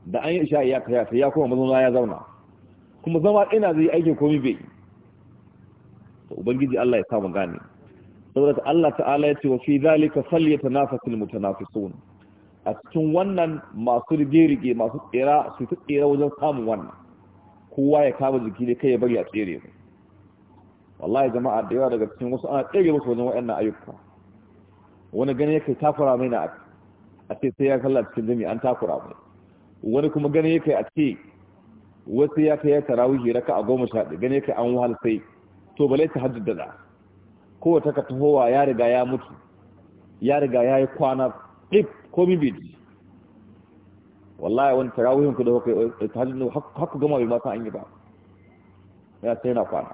da an yi isha ya kaya sai ya koma mazauna ya zauna kuma zama ina zai aikin komi bai to ubangiji Allah ya samu gane saboda Allah ta'ala ya ce wa fi zalika falyatanafasul mutanafisun a cikin wannan masu rige-rige masu tsira su ta tsira wajen samun wannan kowa ya kama jiki ne kai ya bari a tsere mu wallahi jama'a da yawa daga cikin wasu ana tsere musu wajen waɗannan ayyuka wani gani yake takura mai na a ce sai ya kalla cikin jami'a an takura mai wani kuma gani yake a ce wasu ya kai ya tarawihi raka a goma sha ɗaya gani yake an wahal sai to balai ta hajjada da kowace ka tahowa ya riga ya mutu ya riga ya yi kwana ɗif ko mibiji wallahi wani tarawihin ku da eh, ta hajjin haka gama bai masa an yi ba ya sai na kwana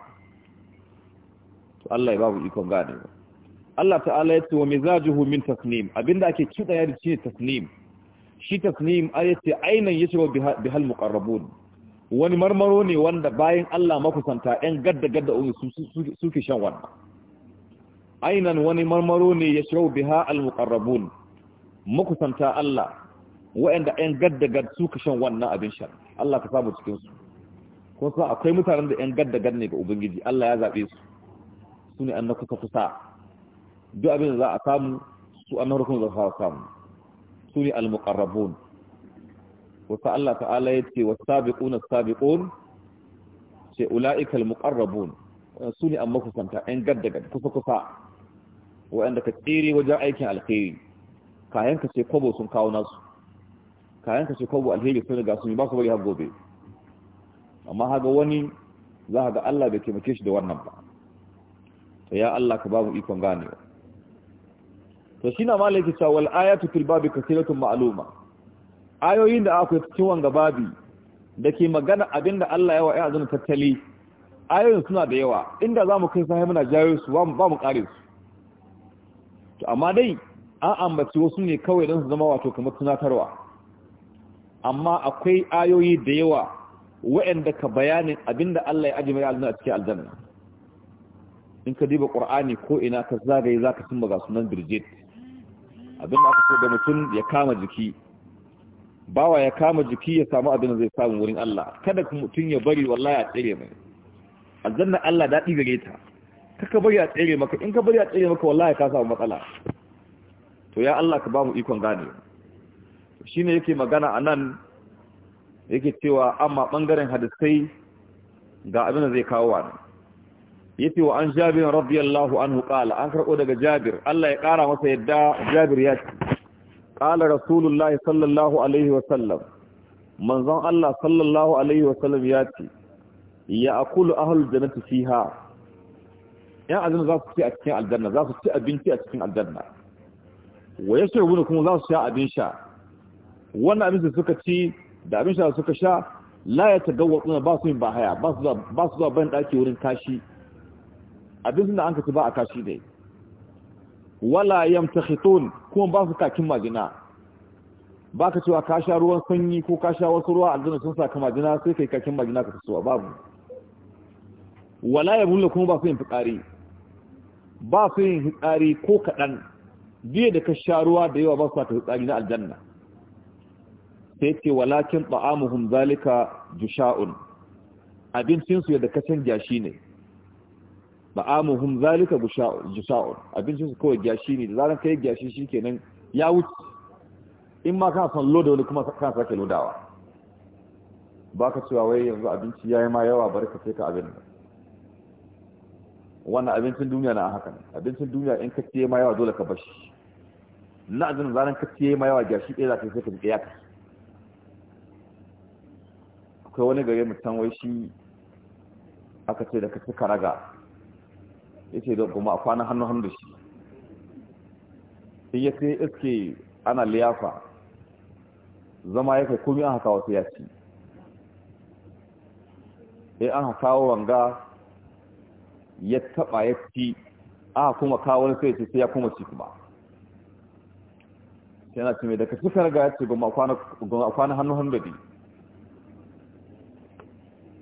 to Allah ya babu ikon gane ba Allah ta'ala ya ce wa mizajuhu min tasnim abinda ake kiɗa ya dace tasnim shi tasnim ce ayati ya shiga bihal muƙarrabun wani marmaro ne wanda bayan Allah makusanta 'yan gadda gadda suke shan wannan ainan wani marmaro ne ya shirau biha al-muqarrabun makusanta Allah waɗanda ɗan gaddagad su ka shan wannan abin sha Allah ka samu cikin su ko san akwai mutanen da ɗan gaddagad ne ga ubangiji Allah ya zabe su su ne annaku ka kusa duk abin da za a samu su annahu kun za a samu su ne al-muqarrabun sa Allah ta'ala ya ce was-sabiquna as-sabiqun ce ulaiikal muqarrabun su ne amma kusanta ɗan gaddagad kusa kusa waɗanda ka tsere wajen aikin alkhairi kayan ka ce kwabo sun kawo nasu kayan ka ce kwabo alheri sun riga sun yi ba su bari har gobe amma haga wani za ga Allah bai taimake shi da wannan ba to ya Allah ka ba mu ikon ganewa to shi na malaki cewa wal ayatu fil babi kasiratun ma'luma ayoyin da akwai cikin wanga babi dake magana abinda Allah ya wa ya azuna tattali ayoyin suna da yawa inda zamu kai sai muna jayo su ba mu kare su to amma dai an ambaci wasu ne kawai don su zama wato kamar tunatarwa amma akwai ayoyi da yawa wa'anda ka bayanin abinda Allah ya ajiye aljanna a cikin aljanna in ka diba qur'ani ko ina ka zagaye zaka tumba ga sunan birjit abinda aka so da mutum ya kama jiki bawa ya kama jiki ya samu abin da zai samu wurin Allah kada mutum ya bari wallahi a tsire mai aljanna Allah daɗi gare ta kaka bari a tsere maka in ka bari a tsere maka wallahi ka samu matsala to ya Allah ka ba mu ikon gane shine yake magana anan yake cewa amma bangaren hadisai ga abin da zai kawo wa yace wa an Jabir radiyallahu anhu qala an karbo daga Jabir Allah ya kara masa yadda Jabir ya ce qala rasulullahi sallallahu alaihi wa sallam manzon Allah sallallahu alaihi wa sallam ya ce ya akulu ahlul jannati fiha yan aljanna za su ci a cikin aljanna za su ci abinci a cikin aljanna wa yashrabu kuma za su sha abin sha wannan abin da suka ci da abin sha suka sha la ya tagawwatuna ba su yin bahaya ba su zuwa bayan ban wurin kashi abin suna an ka ba a kashi dai wala hiton kuma ba su kakin majina ba ka cewa ka sha ruwan sanyi ko ka sha wasu ruwa aljanna sun sa ka majina sai ka yi kakin majina ka tasowa babu wala ya bulla kuma ba su yin fitsari ba su yin hitsari ko kaɗan biya da ka sha ruwa da yawa ba su ta hitsari na aljanna sai ce walakin ba'amuhun zalika jusha'un abincinsu yadda ka canja shi ne ba'amuhun zalika jusha'un abincinsu kawai gyashi ne da zaran yi gyashi shi kenan ya wuce in ma kana son loda wani kuma kana sake lodawa ba ka cewa wai yanzu abinci ya yi ma yawa bari ka sai ka abin nan wannan abincin duniya na haka abincin duniya in ka ciye ma yawa dole ka bashi na azin ranar ka ciye ma yawa gashi ɗaya za ka sai ka jiƙe yaka akwai wani gare mu wai shi aka ce da ka ci karaga yace da kuma a hannu hannu da shi in yace sai iske ana liyafa zama ya kai aka an sai wasu ya ci in an haka wanga ya taɓa ya fi a kuma kawon sai ce sai ya kuma ci kuma yana na cime daga suka raga ya ce goma a kwana hannu hannu da di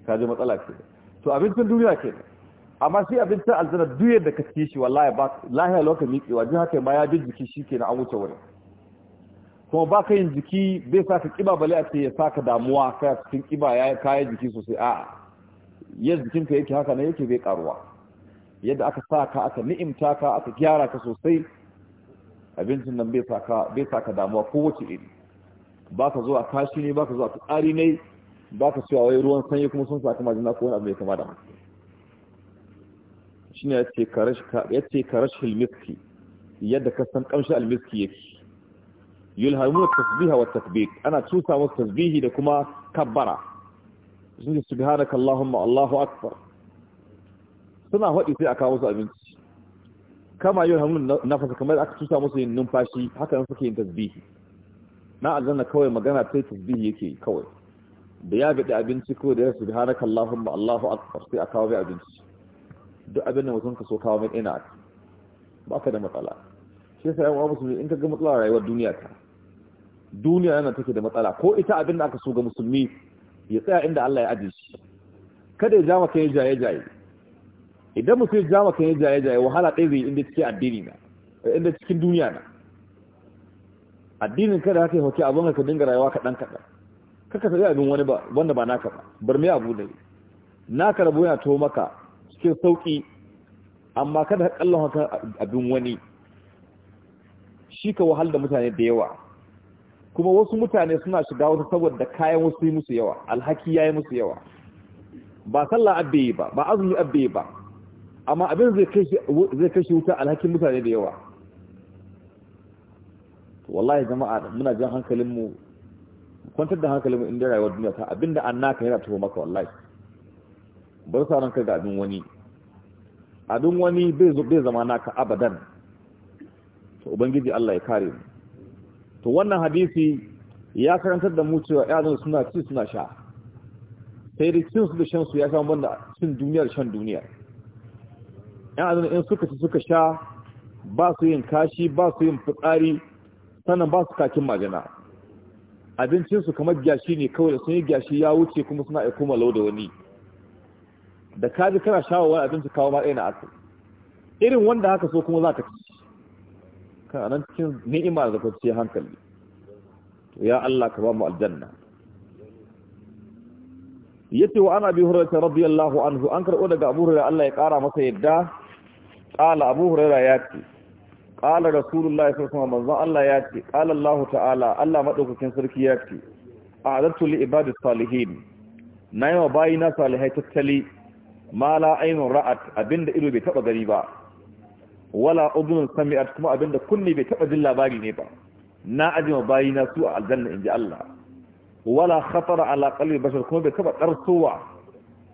ka ji matsala ce to abincin duniya ke amma sai abincin alzana duk yadda ka ci shi wallahi ba lahiyar lokacin miƙewa jin haka ma ya ji jiki shi ke na an wuce wurin kuma ba ka yin jiki bai sa ka ƙiba bale a ce ya sa ka damuwa ka cikin ƙiba ya kayan jiki sosai a yin jikinka yake haka ne yake bai ƙaruwa yadda aka sa ka aka ni'imta ka aka gyara ka sosai abincin nan bai sa ka damuwa kowace iri ba ka zuwa kashi ne ba ka zuwa tsari ne ba ka cewa wai ruwan sanyi kuma sun saka majina ko wani abu mai kama da masu shi ne ya ce karash hilmiski yadda ka san kamshi almiski yake da tasbiha wa tasbih ana cusa musu tasbihi da kuma kabbara sun ce subhanaka allahumma allahu akbar suna faɗi sai a kawo su abinci kama yau hannun fasa, kamar aka tusa musu yin numfashi haka suke yin tasbihi na aljanna kawai magana sai tasbihi yake kawai da ya gaɗi abinci ko da ya su bihana kallahun ba Allahu akbar sai a kawo mai abinci duk abin da mutum ka so kawo mai ina ba ka da matsala shi sai yawan musulmi in ka ga matsala rayuwar duniya ta duniya yana take da matsala ko ita abin da aka so ga musulmi ya tsaya inda Allah ya ajiye shi kada ya ja maka ya jaye jaye idan mutum ya ja maka ne jaye-jaye wahala ɗaya zai inda cikin addini na inda cikin duniya na addinin kada haka yi hauki abin ka dinga rayuwa kaɗan kaɗan kaka sai abin wani ba wanda ba naka ba bar mai abu ne naka rabu yana to maka cikin sauki amma kada ka kallon haka abin wani shi ka wahal da mutane da yawa kuma wasu mutane suna shiga wata saboda kayan wasu yi musu yawa alhaki ya yi musu yawa ba sallah abbe ba ba azumi abbe ba amma abin zai kashe wuta alhakin mutane da yawa wallahi jama'a muna jan hankalinmu kwantar da hankalinmu inda rayuwar duniya ta abinda an naka yana tuho maka wallahi bar sa ranka ga abin wani abin wani bai zama naka abadan to ubangiji Allah ya kare mu to wannan hadisi ya karantar da mu cewa yaran suna ci suna sha sai da cin su da shan su ya sha banda cin duniyar shan duniyar yan azumin in suka ci suka sha ba su yin kashi ba su yin fitsari sannan ba su kakin majina abincinsu kamar gyashi ne kawai da sun yi gyashi ya wuce kuma suna aiko malo da wani da ka ji kana sha wani abinci kawo ma na irin wanda haka so kuma za ka ci kan nan cikin ni'ima da kwanciyar hankali ya Allah ka ba mu aljanna yace wa ana bi hurairah radiyallahu anhu an karbo daga abu hurairah Allah ya kara masa yadda qala abu hurairah yace qala rasulullahi sallallahu alaihi wasallam manzo Allah yace qala Allah ta'ala Allah madaukakin sarki yace a'adtu li ibadis salihin nayi wa bayina salihai tattali ma la ra'at abinda ido bai taba gari ba wala udhun sami'at kuma abinda kunni bai taba jin labari ne ba na ajima bayina su a aljanna inji Allah wala khatara ala qalbi bashar kuma bai kaba karsowa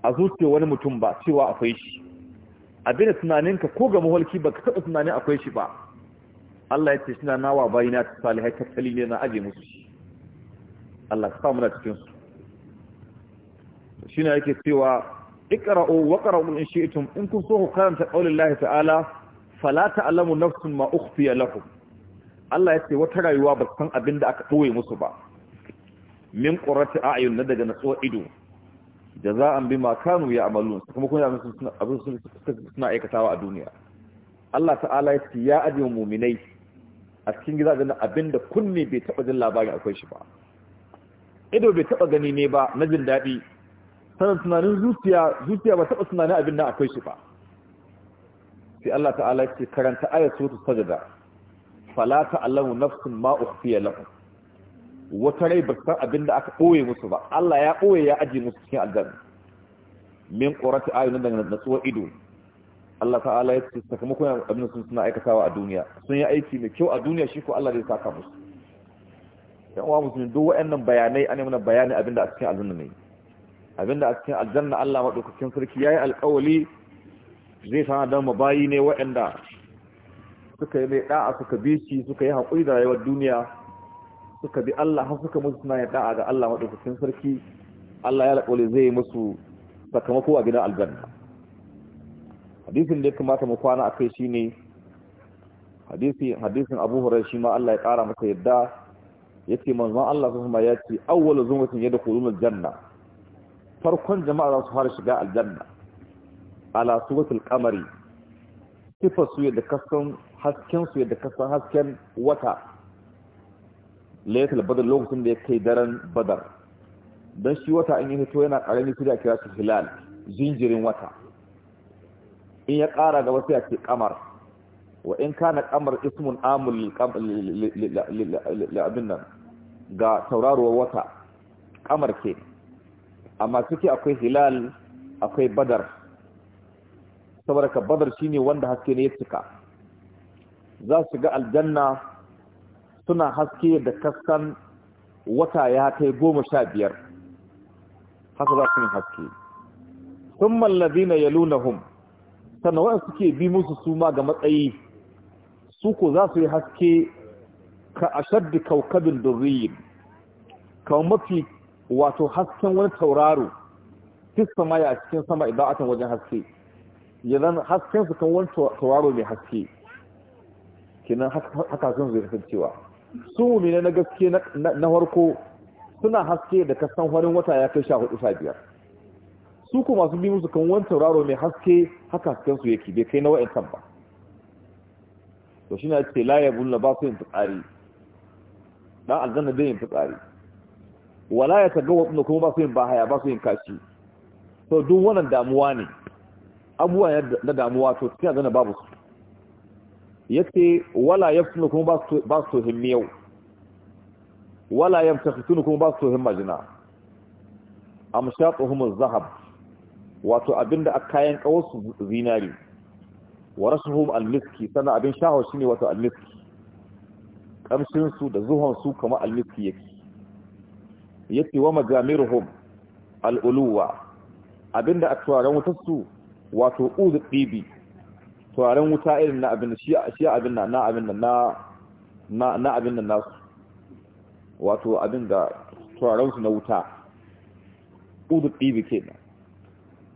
a zuciyar wani mutum ba cewa akwai shi abin tunaninka ko ga muhalki baka taba tunanin akwai shi ba Allah ya ce shi na nawa bayina ta salihai tattali ne na aje musu shi Allah ka samu da cikin su shine yake cewa iqra'u wa qara'u in shi'tum in kun so ku karanta qaulin ta'ala fala ta'lamu nafsun ma ukhfiya lakum Allah ya ce wata rayuwa ba san abin da aka ɓoye musu ba min qurrati a'yun na daga natsuwa ido jaza'an bima kanu ya'malun kuma kun abin kuma abin suna aikatawa a duniya Allah ta'ala ya ce ya ajin mu'minai a cikin gida ganin abinda kunne bai taba jin labarin akwai shi ba ido bai taba gani ne ba na jin dadi sanin tunanin zuciya zuciya ba taba tunanin abin nan akwai shi ba sai Allah ta'ala ya ce karanta ayatu sajda fala ta'lamu nafsun ma ukhfiya lakum wata rai ba san abin da aka ɓoye musu ba Allah ya ɓoye ya ajiye musu cikin aljanu. min qurati ayunin daga natsuwar ido Allah ta'ala ya ce sakamakon abin sun suna aikatawa a duniya sun yi aiki mai kyau a duniya shi ko Allah zai saka musu yan uwa musulmi duk waɗannan bayanai an yi mana bayani abin da a cikin aljanna ne abin da a cikin aljanna Allah madaukakin sarki yayi alƙawali zai sana da bayi ne waɗanda suka yi mai da'a suka bi shi suka yi hakuri da rayuwar duniya suka bi Allah har suka musu suna yadda ga Allah madaukakin sarki Allah ya laƙole zai musu sakamako a gidan aljanna hadisin da ya kamata mu kwana a kai shi ne hadisin Abu Hurairah shi ma Allah ya ƙara masa yadda ya ce manzon Allah ma ya ce awwalu ku yadkhuluna janna farkon jama'a za su fara shiga aljanna ala suratul qamari sifar su yadda kasan hasken yadda kasan hasken wata laylatul badr lokacin da ya kai daren badar dan shi wata in yi fito yana karami sai a kira shi hilal jinjirin wata in ya kara gaba sai ake ce kamar wa in kana kamar ismun amul lil ga tauraruwar wata kamar ke amma suke akwai hilal akwai badar saboda ka badar shine wanda haske ne ya cika za su ga aljanna suna haske da kaskan wata ya kai goma sha biyar haka za su yi haske sun mallabi na yalunahum sannan waɗanda suke bi musu suma ga matsayi su ko za su yi haske ka a ashaddi kaukabin durriyin kawo mafi wato hasken wani tauraro fis sama ya cikin sama iba'atan wajen haske zan hasken su kan wani tauraro mai haske kenan haka sun zai kasancewa su mumine na gaske na farko suna haske da kasan farin wata ya kai sha hudu sha biyar su kuma masu bi musu kan wani tauraro mai haske haka hasken su yake bai kai na wa'in ba to shi na ce laye na ba su yin fitsari dan aljanna bai yin fitsari wala ya taga wasu kuma ba su yin bahaya ba su yin kashi to duk wannan damuwa ne abubuwa na damuwa to cikin aljanna babu su yace wala yaftunu kuma ba su himmi yau wala yamtakitunu kuma ba su himma jina amshatuhum az-zahab wato abinda akayan kayan zinari warasuhum al-miski sana abin shaho shine wato al-miski kamshin su da zuhon su kama al-miski yake yace wa majamiruhum al-uluwa abinda aktuwa ran wutar su wato uzu dibi turaren wuta irin na abin shi abin na na abin da na na abin nan nasu wato abin da turaren su na wuta udu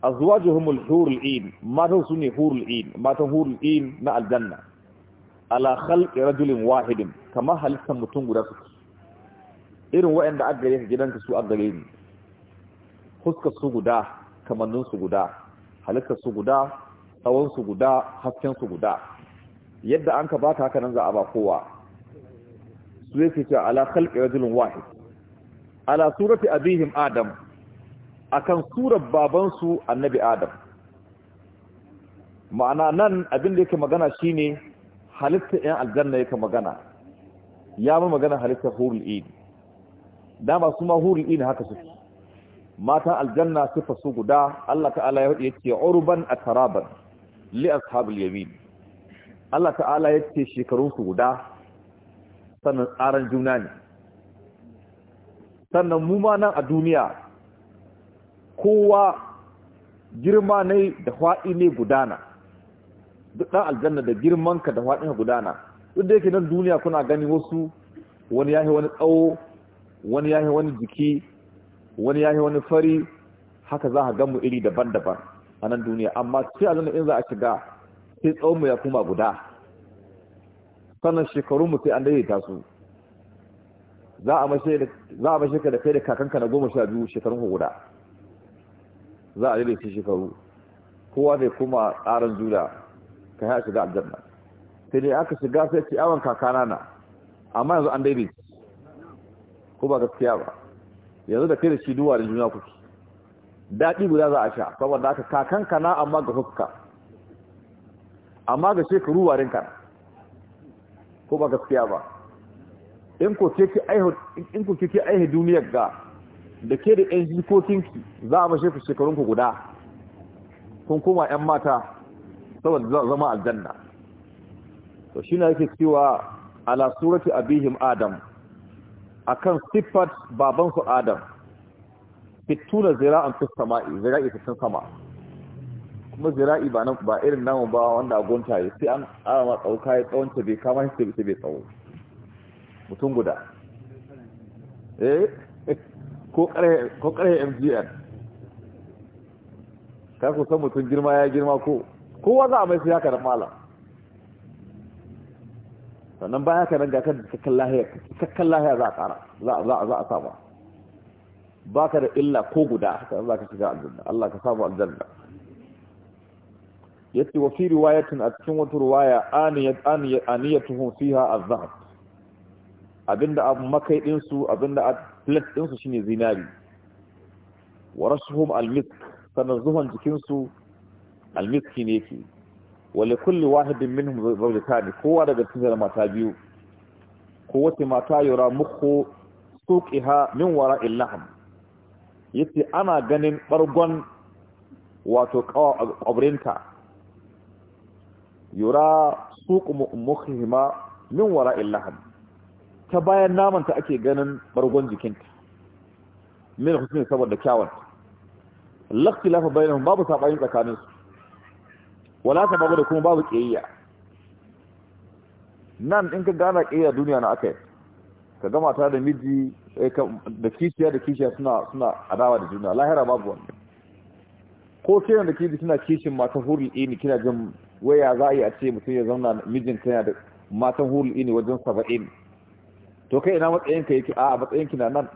A zuwa azwajuhumul hurul in matan su ne hurul in matan hurul in na aljanna ala khalqi rajulin wahidin kama halittar mutum guda su irin waɗanda aka gare ka gidanka su a gare ni huskar su guda kamannin su guda halittar su guda tsawonsu guda haskensu guda yadda an ka ba ta haka nan za a ba kowa su fi cewa ala halƙe rajulun wahid ala surafi abihim adam A kan surar babansu annabi adam ma'ana nan abin da yake magana shine halitta yan aljanna yake magana ya ma magana halitta hurul id dama su ma hurul haka su matan aljanna sifa su guda Allah ta'ala ya ce urban taraban li ashabul yamin Allah ta'ala ya ce shekarun su guda sannan tsaran juna ne sannan mu ma nan a duniya kowa girma ne da fa'i ne gudana duk dan aljanna da girman ka da fa'in gudana duk da yake nan duniya kuna gani wasu wani yahi wani tsawo wani yahi wani jiki wani yahi wani fari haka za ka gamu iri daban-daban a nan duniya amma sai aljanna in za a shiga sai tsawon mu ya kuma guda sannan shekaru mu sai an daidaita su za a mashe ka da kai da kakanka na goma sha biyu shekarun guda za a daidaita shekaru kowa zai kuma tsarin jula ka ya shiga aljanna sai dai aka shiga sai ci awon kakana na amma yanzu an daidaita ko ba gaskiya ba yanzu da kai da shi duwa da juna kuke daɗi guda za a sha saboda aka kakanka na amma ga fuska amma ga shekaru warinka ko ba gaskiya ba in ko keke aihe duniyar ga da ke da yan jikokinki za a mashe ku shekarunku guda kun koma yan mata saboda zama aljanna to shi na yake cewa ala surati abihim adam akan siffar babansu adam sittuna zira'an fi sama'i zira'i fi sama kuma zira'i ba nan ba irin namu ba wanda a gonta ya sai an arama tsauka ya ta bai kama shi sai bai tsawo mutum guda eh ko kare mgn ka ku san mutum girma ya girma ko kowa za a mai sai haka da mala sannan baya ka nan ga kan cikakken lahiya lahiya za a kara za a za a sama baka da illa ko guda haka za ka shiga aljanna Allah ka samu aljanna yace wa fi riwayatin a cikin wata riwaya aniyat aniyat aniyatuhu fiha az-zahab abinda abun makai din su abinda a plate din su shine zinari wa rashuhum al-misk kana zuhun jikin su al misk ne yake wa li kulli wahidin minhum zawjatan kowa daga cikin mata biyu ko wace mata yura mukhu suqiha min wara'il lahm yace ana ganin bargon wato ƙwabrinta yura suku mukhima min wara'il lahab ta bayan namanta ake ganin bargon jikinta min husni saboda kyawun lakti lafa bainahum babu sabayin tsakanin su wala ta babu da kuma babu kiyayya nan in ka gana kiyayya duniya na akai ka gama ta da miji Eh, da kishiya da kishiya suna suna adawa da juna lahira babu wannan ko kiran da kishi suna kishin matan hurul ini kina jin waya za a yi a ce mutum ya zauna mijin yana da matan hurul ini wajen saba'in to kai ina matsayin ka yake a matsayin kina nan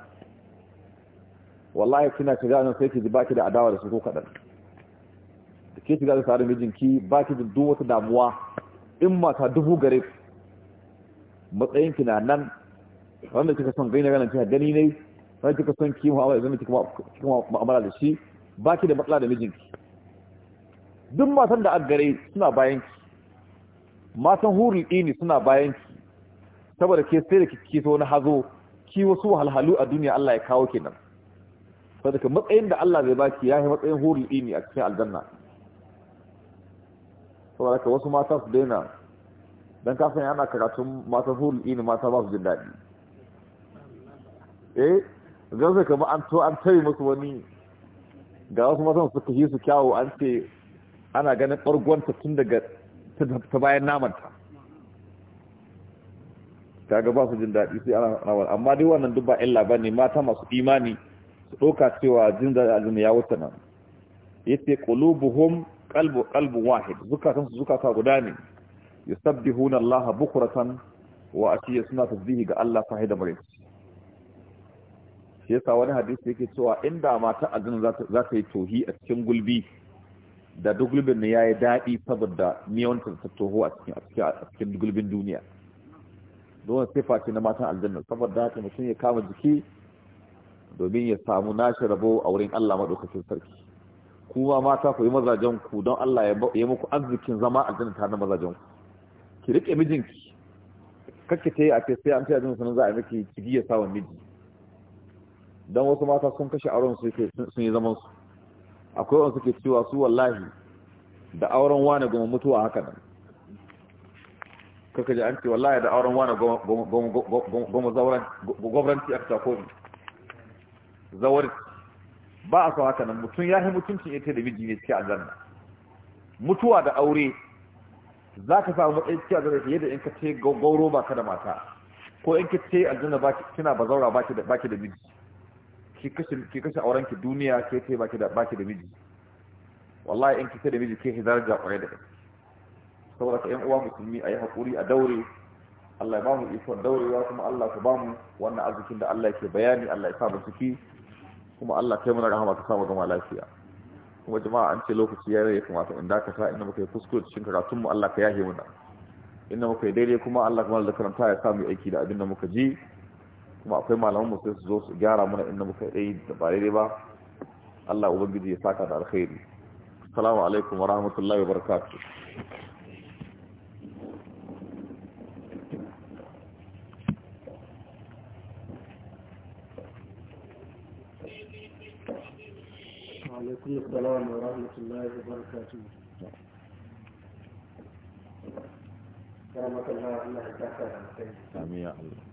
wallahi kina shiga nan sai ki ji baki da adawa da su ko kadan da ke shiga da tsarin mijinki baki da duk wata damuwa in mata dubu gare matsayin kina nan wanda kika son gani ranar kika gani ne wanda kika son kima mu'amala zama kika mu'amala da shi baki da matsala da mijinki duk matan da gare suna bayanki, matan hurul ini suna bayanki, saboda ke sai da kike so na hazo ki wasu halhalu a duniya Allah ya kawo kenan saboda matsayin da Allah zai baki yayi matsayin hurul ini a cikin aljanna saboda ka wasu mata su daina dan kasan ana karatun matan hurul ini mata ba su jin daɗi eh gansa kamar an to an tare musu wani ga wasu matan suka yi su kyawo an ce ana ganin ɓargonta tun daga ta bayan namanta ta ga ba su jin daɗi sai ana rawar amma dai wannan duk ba illa ba ne mata masu imani su ɗauka cewa jin daɗi aljini ya wuce nan ya ce ƙulubuhum kalbu wahid zukatan su zukata guda ne ya sabbi hunan laha bukuratan wa a suna tasbihi ga allah fahida mare shi yasa wani hadisi yake cewa inda mata aljanna za ta yi tohi a cikin gulbi da duk gulbin ne yi daɗi saboda miyawanta ta toho a cikin gulbin duniya don sifa ce na matan aljanna saboda haka mutum ya kama jiki domin ya samu nashi rabo a wurin Allah madaukakin sarki kuma mata ku yi mazajen ku don Allah ya muku arzikin zama aljanna tare da mazajen ku ki rike mijinki kake ta yi a ce sai an ce a jin za a miki cigi ya sa miji don wasu mata sun kashe auren su sun yi zaman su akwai wanda suke cewa su wallahi da auren wani goma mutuwa haka nan kaka ji an ce wallahi da auren wani goma gwamnati aka takobi zawar ba a son haka nan mutum ya yi mutuncin ita da miji ne cikin aljanna mutuwa da aure za ka samu matsayin cikin aljanna fiye da in ka ce gauro ba ka da mata ko in ka ce aljanna kina ba zaura ba ki da miji ki kashe ki kashe auren ki duniya ke ce baki da baki da miji wallahi in kike da miji ke hidar ga kwaye da kai saboda ka yan uwa musulmi ayi hakuri a daure Allah ya bamu ikon daurewa kuma Allah ka bamu wannan arzikin da Allah yake bayani Allah ya sa mu ciki kuma Allah kai mana rahama ka sa mu gama lafiya kuma jama'a an ce lokaci ya rage inda ka sa inda muka yi kuskure cikin karatun mu Allah ka yahe mu da inda muka yi daidai kuma Allah kuma da karanta ya sa mu aiki da abin da muka ji kuma akwai malaman mu sai su zo su gyara mana inda muka yi da ba daidai ba Allah ubangiji ya saka da alkhairi assalamu alaikum wa rahmatullahi wa barakatuh وعليكم السلام ورحمة الله وبركاته كرمك الله الله تعالى آمين يا الله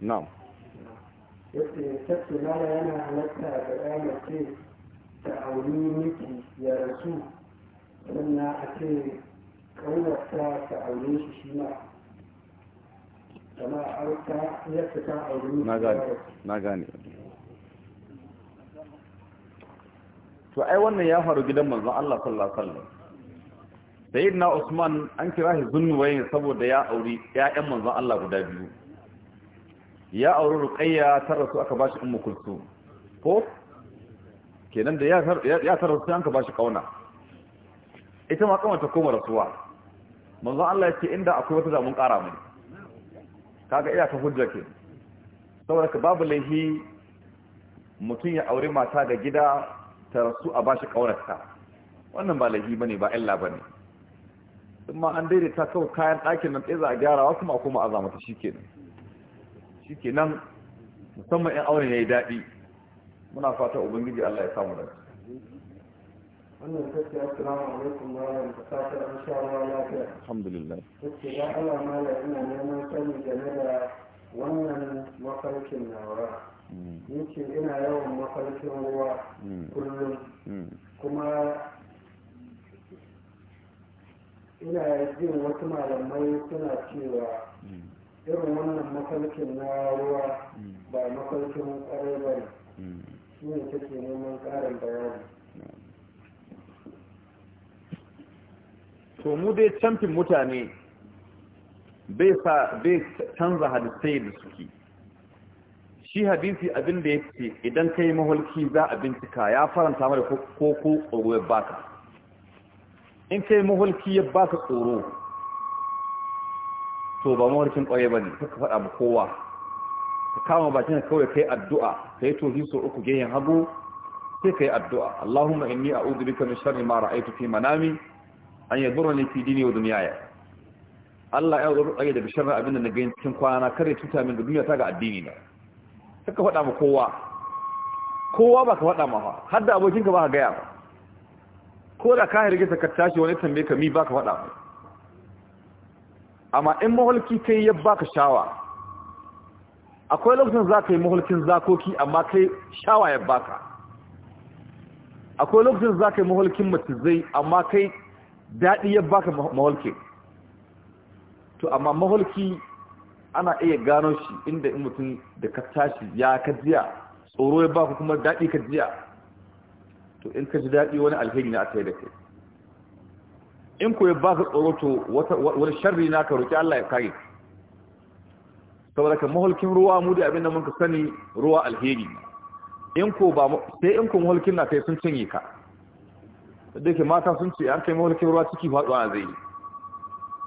na'am yake tattu na yana halatta da ya mace ta auri miki ya rasu sannan a ce ƙaunarta ta aure shi shi ma kama auta ya fita auri miki na gane to ai wannan ya faru gidan manzon Allah sallallahu alaihi wasallam sayyidina Usman an kira shi zunnuwayin saboda ya auri ƴaƴan manzon Allah guda biyu ya auri ruqayya ta rasu aka bashi ummu kulsum ko kenan da ya ya ta rasu an ka bashi kauna ita ma ta koma rasuwa manzo Allah yake inda akwai wata zamun kara mu kaga iya ta hujja ke saboda ka babu laifi mutum ya aure mata ga gida ta rasu a bashi kaunarta wannan ba laifi bane ba illa bane in ma an daidaita kawai kayan ɗakin nan tsaye za a gyara wasu ma kuma a zamata shi kenan shi ke nan musamman 'yan aure ne ya daɗi muna fata ubangiji allah ya samu daga wannan tafiya assalamu alaikum wa rahmatullahi wa barakatuh lafiya alhamdulillah tafiya ya Allah mala ina neman sani game da wannan mafarkin nawa mm. yace ina yawan mafarkin ruwa mm. kullum mm. kuma ina jin wasu malamai suna cewa irin wannan mafarkin na ruwa ba mafarkin kwarai ba ne shi ne take neman ƙarin bayani to mu dai canfin mutane bai canza hadisai da suke shi hadisi abin da ya ce idan ka yi maholki za a bincika ya faranta mara koko tsoro ya baka in ka yi maholki ya baka tsoro to ba mawarcin kwaye ba ne ka faɗa ma kowa ka kama ba bakin kawai kai addu'a ka yi tofi so uku gehen hagu sai ka yi addu'a Allahumma inni a uzu bika min sharri mara aitu fi manami an yi burani fi dini wa duniyaya Allah ya zuwa tsaye da bishirar abin da na gani cikin kwana kare cuta min da duniya ta ga addini na ka faɗa ma kowa kowa ba ka faɗa ma ba har da abokinka ba ka gaya ba ko da ka hirgisa ka tashi wani tambaye ka mi ba ka faɗa ba amma in mahulki kai ya baka shawa akwai lokacin za ka yi mahulkin zakoki amma kai shawa ya baka akwai lokacin za ka yi mahulkin matizai amma kai daɗi ya baka mahulki to amma mahulki ana iya gano shi inda in mutum da ka tashi ya kajiya tsoro ya baka kuma daɗi kajiya to in ka ji daɗi wani alheri na a tsaye da kai in ku ba ka tsoroto wani sharri na ka roƙi Allah ya kare saboda ka mahulkin ruwa mu da abin da muka sani ruwa alheri in ku ba sai in ko mahulkin na kai sun cinye ka da ke mata sun ce an kai mahulkin ruwa ciki faɗuwa zai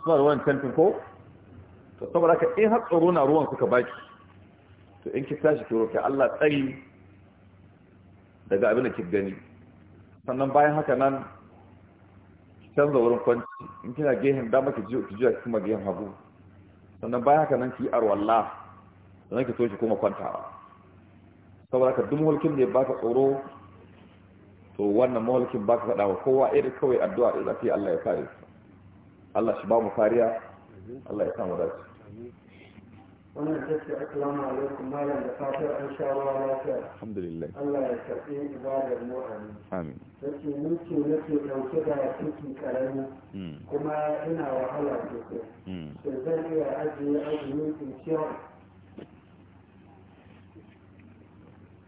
suna da wani tantin ko to saboda ka in har tsoro na ruwan suka baki to in ki tashi ki roƙi Allah tsari daga abin da ki gani sannan bayan haka nan canza wurin kwanci in kina gehen dama ki jiya ki kuma gehen hagu sannan baya haka nan ki yi arwalla sannan ki shi kuma kwantawa saboda ka duk mulkin da ya baka tsoro to wannan mulkin baka faɗa wa kowa irin eh, kawai addu'a da zafi Allah ya kare Allah shi ba mu kariya Allah ya samu dace ومن جد اكرم عليكم ما لم يفاتر ان شاء الله لا تعلم الحمد لله الله يكفيك بعد المؤمنين امين لكن ملكي ولكي لو كذا يكفي كلامي كما انا وهلا بك تزال يا اجي اجي ملكي ان شاء الله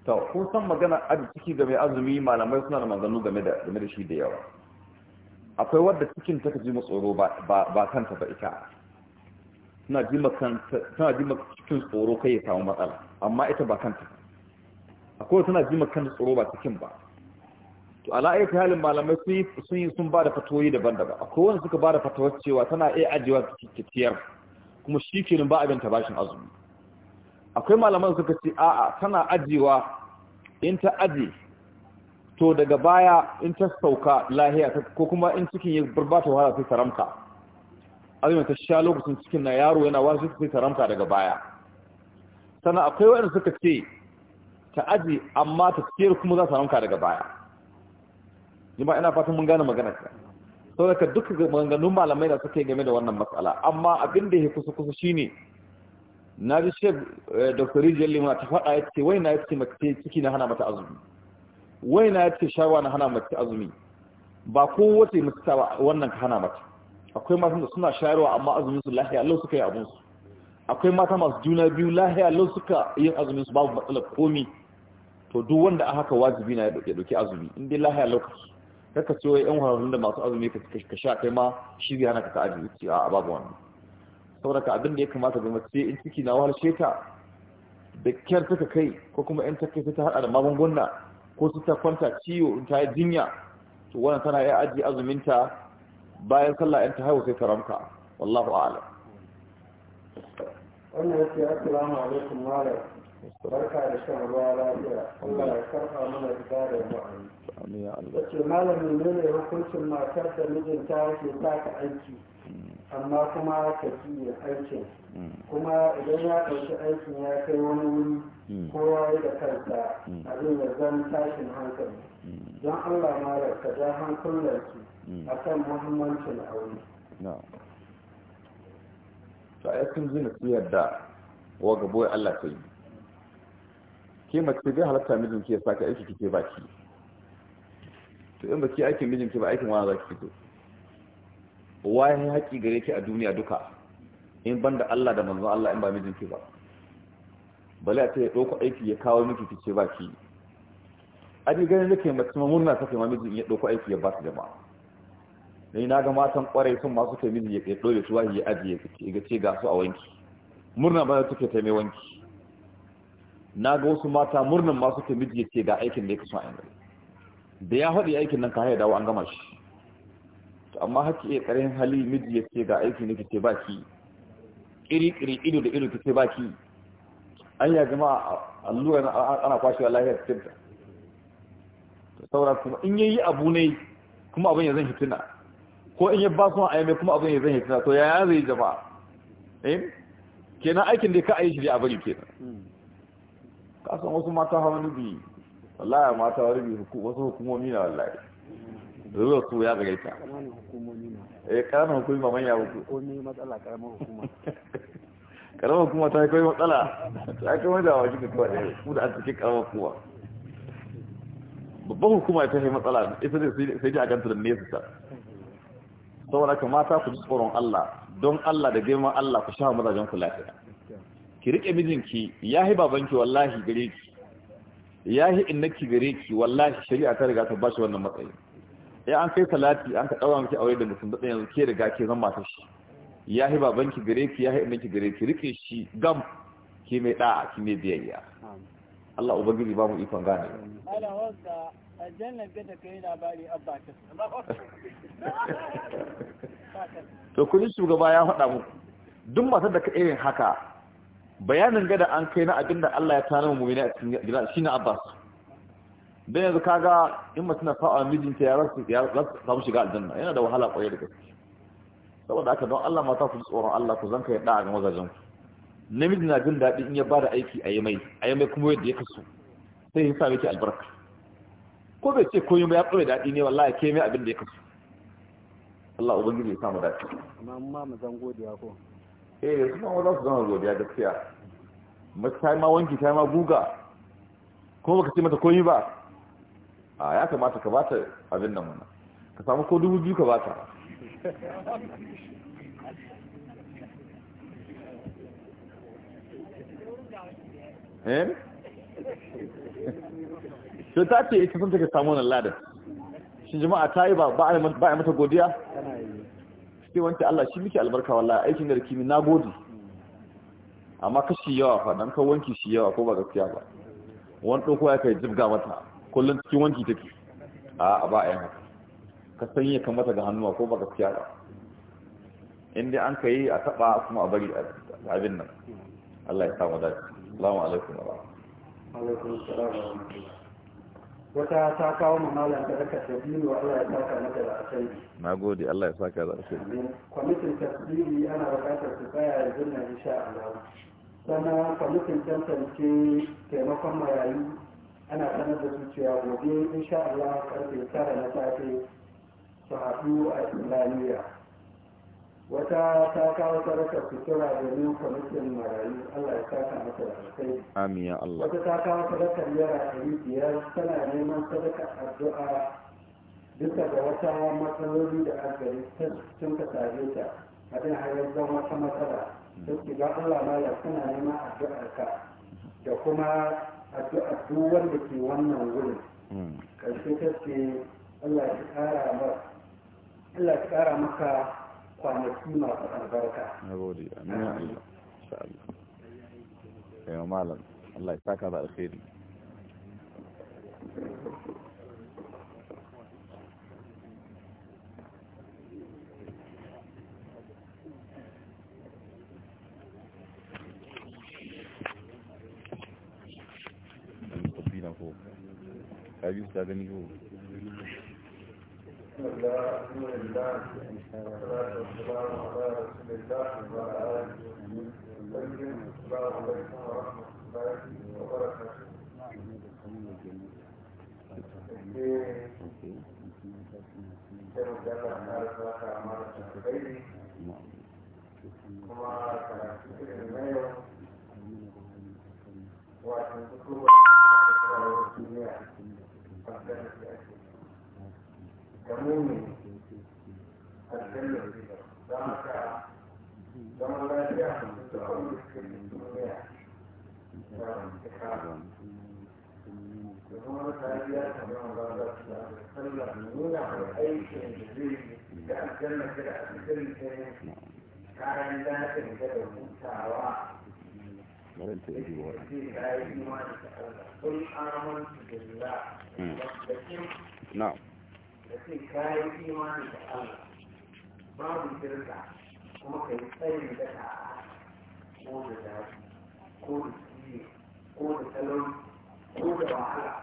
to kun san magana abin ciki game azumi malamai suna da maganganu game da shi da tana jima cikin tsoro kai ya samu matsala amma ita ba kanta akwai tana jima kan tsoro ba cikin ba to ala'ayi ta halin malamai sun yi sun ba da fatoyi daban-daban akwai wani suka ba da fatawar cewa tana iya ajiyewa cikakciyar kuma shi ke kenan ba abin ta bashin azumi akwai malaman suka ce a'a tana ajiyewa in ta aji to daga baya in ta sauka lahiya ko kuma in cikin ya barbata wahala sai saramka azumin ta sha lokacin cikin na yaro yana wasu sai ta ramka daga baya sannan akwai wa'in suka ce ta aji amma ta ciyar kuma za ta ramka daga baya jima ina fatan mun gane maganar ka sau da ka duka maganganun malamai da suka yi game da wannan matsala amma abin da ya kusa kusa shine na ji shek eh, dr rijiyar limuna ta faɗa ya ce wai na ya ce mace ciki na hana mata azumi wai na ya ce shawa na hana mace azumi ba kowace mace ta wannan ka hana mata akwai matan da suna shayarwa amma azumin su lahiya Allah suka yi abun su akwai mata masu juna biyu lahiya Allah suka yi azumin su babu matsalar komi to duk wanda a haka wajibi na ya dauki azumi in dai lahiya Allah ka ka wai yan hararun da masu azumi ka ka sha kai ma shi zai hana ka ta a babu wannan saboda ka abin da ya kamata ga mace in ciki na wahalshe ta da kyar suka kai ko kuma yan takai ta hada da magunguna ko su ta kwanta ciwo in ta yi jinya to wannan tana yi ajiye azuminta باين كلا انت هاي وكي كرمك والله أعلم السلام عليكم بركة لشهر وعلى أكره من أجبار المعين أتي مالا من مني وكنت ما كرت مجن تارك يتاك أما كما كثير عيكي كما إذا كنت عيكي يا كيوني كل عيكي Mm. akan muhimmancin aure ta ai kun zina su yadda wa gabo Allah ta yi ke mace zai halatta mijin ke saka aiki kike baki to in ba baki aikin mijin ke ba aikin wani ki fito waye haƙi gare ki a duniya duka in ban da Allah da manzo Allah in ba mijin ke ba bala ta ya ɗauko aiki ya kawo miki ki baki ji ganin nake mace ma murna ke ma mijin ya ɗauko aiki ya ba su jama'a dai na ga matan kwarai sun masu kai miji ya dole su wahi ya ajiye kace ga ce ga su a wanki murna ba take ta mai wanki na ga wasu mata murnan ma suke miji ya ce ga aikin da ya kasu a yanzu da ya faɗi aikin nan ka haya dawo an gama shi to amma haki ya karin hali miji ya ce ga aikin ne kike baki iri-iri ido da ido kace baki an ya jama'a allura ana kwashewa lahiyar cikinta saura kuma in yayi abu ne kuma abin ya zan fitina ko in ya ba su a kuma abin ya zai hitina to yi zai jama'a eh? Ke na aikin da ka ayi shi da abin na. ka san wasu mata hawa bi wallahi mata wani bi wasu hukumomi na wallahi zuwa su ya gare gaita eh karamin hukumi ba manya ba ko ne matsala karamin hukuma karamin hukuma ta kai matsala ta kai wanda da kika kawai ku da an cikin karamin hukuma babban hukuma ta kai matsala ita ne sai da akanta da nesa saboda ka mata ku ji tsoron Allah don Allah da girman Allah ku sha mazajen ku lafiya ki rike mijinki yahi babanki wallahi gare ki yahi innaki gare ki wallahi shari'a ta riga ta bashi wannan matsayi ya an kai salati an ka daura miki aure da mutum da yanzu ke riga ke zama ta shi yahi babanki gare ki yahi innaki gare ki rike shi gam ki mai da'a ki mai biyayya Allah ubangiji ba mu ikon gane to kuni shugaba ya faɗa mu duk masu da ka irin haka bayanin gada an kai na abinda Allah ya tana mu ne a cikin gida shine Abbas dan yanzu kaga in mutum na fa'a mijinta ya rasu ya shiga aljanna yana da wahala kwaye da gaske saboda haka don Allah mata ku tsoron Allah ku zanka ya da ga mazajen ku namiji na jin daɗi in ya bada aiki a yi mai a kuma yadda ya kasu, sai ya sa miki albarka ko bai ce koyi ba ya tsoye daɗi ne wallahi ke mai abin da ya kasu Allah ubangiji ya samu daɗi amma ma mu zan godiya ko eh su ma za su zama godiya gaskiya mace ta ma wanki ta ma guga ko baka ce mata koyi ba a ya kamata ka bata abin nan wannan ka samu ko dubu biyu ka bata eh sai ta ce ita sun take samu wannan ladan shi jama'a ta yi ba ba a mata godiya sai wanta Allah shi muke albarka wallahi aikin da kimi na gode amma kashi yawa fa dan ka wanki shi yawa ko ba gaskiya ba wani ɗauko ya kai jibga mata kullum cikin wanki take a ba a yi haka ka sanya kan mata ga hannuwa ko ba gaskiya ba inda an ka yi a taɓa kuma a bari abin nan Allah ya samu dace. Assalamu alaikum wa rahmatullahi wata ta kawo mu malam da aka tabbini wa Allah ya saka mata da asali nagode Allah ya saka da asali kwamitin tasbiri ana buƙatar su tsaya ya zunna insha Allah sannan kwamitin tantance taimakon marayu ana sanar da su cewa gobe insha Allah karfe tara na safe su haɗu a Islamiyya wata ta kawo sadaka sutura domin kwamitin marayu Allah ya saka mata da alkhairi amin ya Allah wata ta kawo sadaka a ɗari biyar tana neman sadaka addu'a duka da wata matsaloli da aka yi sun ka tare ta abin har ya zama wata matsala duk ga Allah ma ya tana neman addu'ar ka da kuma addu'a duk wanda ke wannan wurin hmm. karshe ta ce Allah ya kara maka kwanaki masu albarka na gode amin ya Allah insha Allah ayo malam Allah ya saka da alkhairi Have you studied any rules? بسم الله الحمد لله والصلاة والسلام على رسول الله وعلى آله وسلم السلام عليكم ورحمة الله وبركاته. kuma karatu irin na yau wato kusurwa a duniya a ƙasar da نعم da ce kayi imani da Allah babu shirka kuma ka yi tsayin da ka ko da daji ko da ciye ko da talon ko da wahala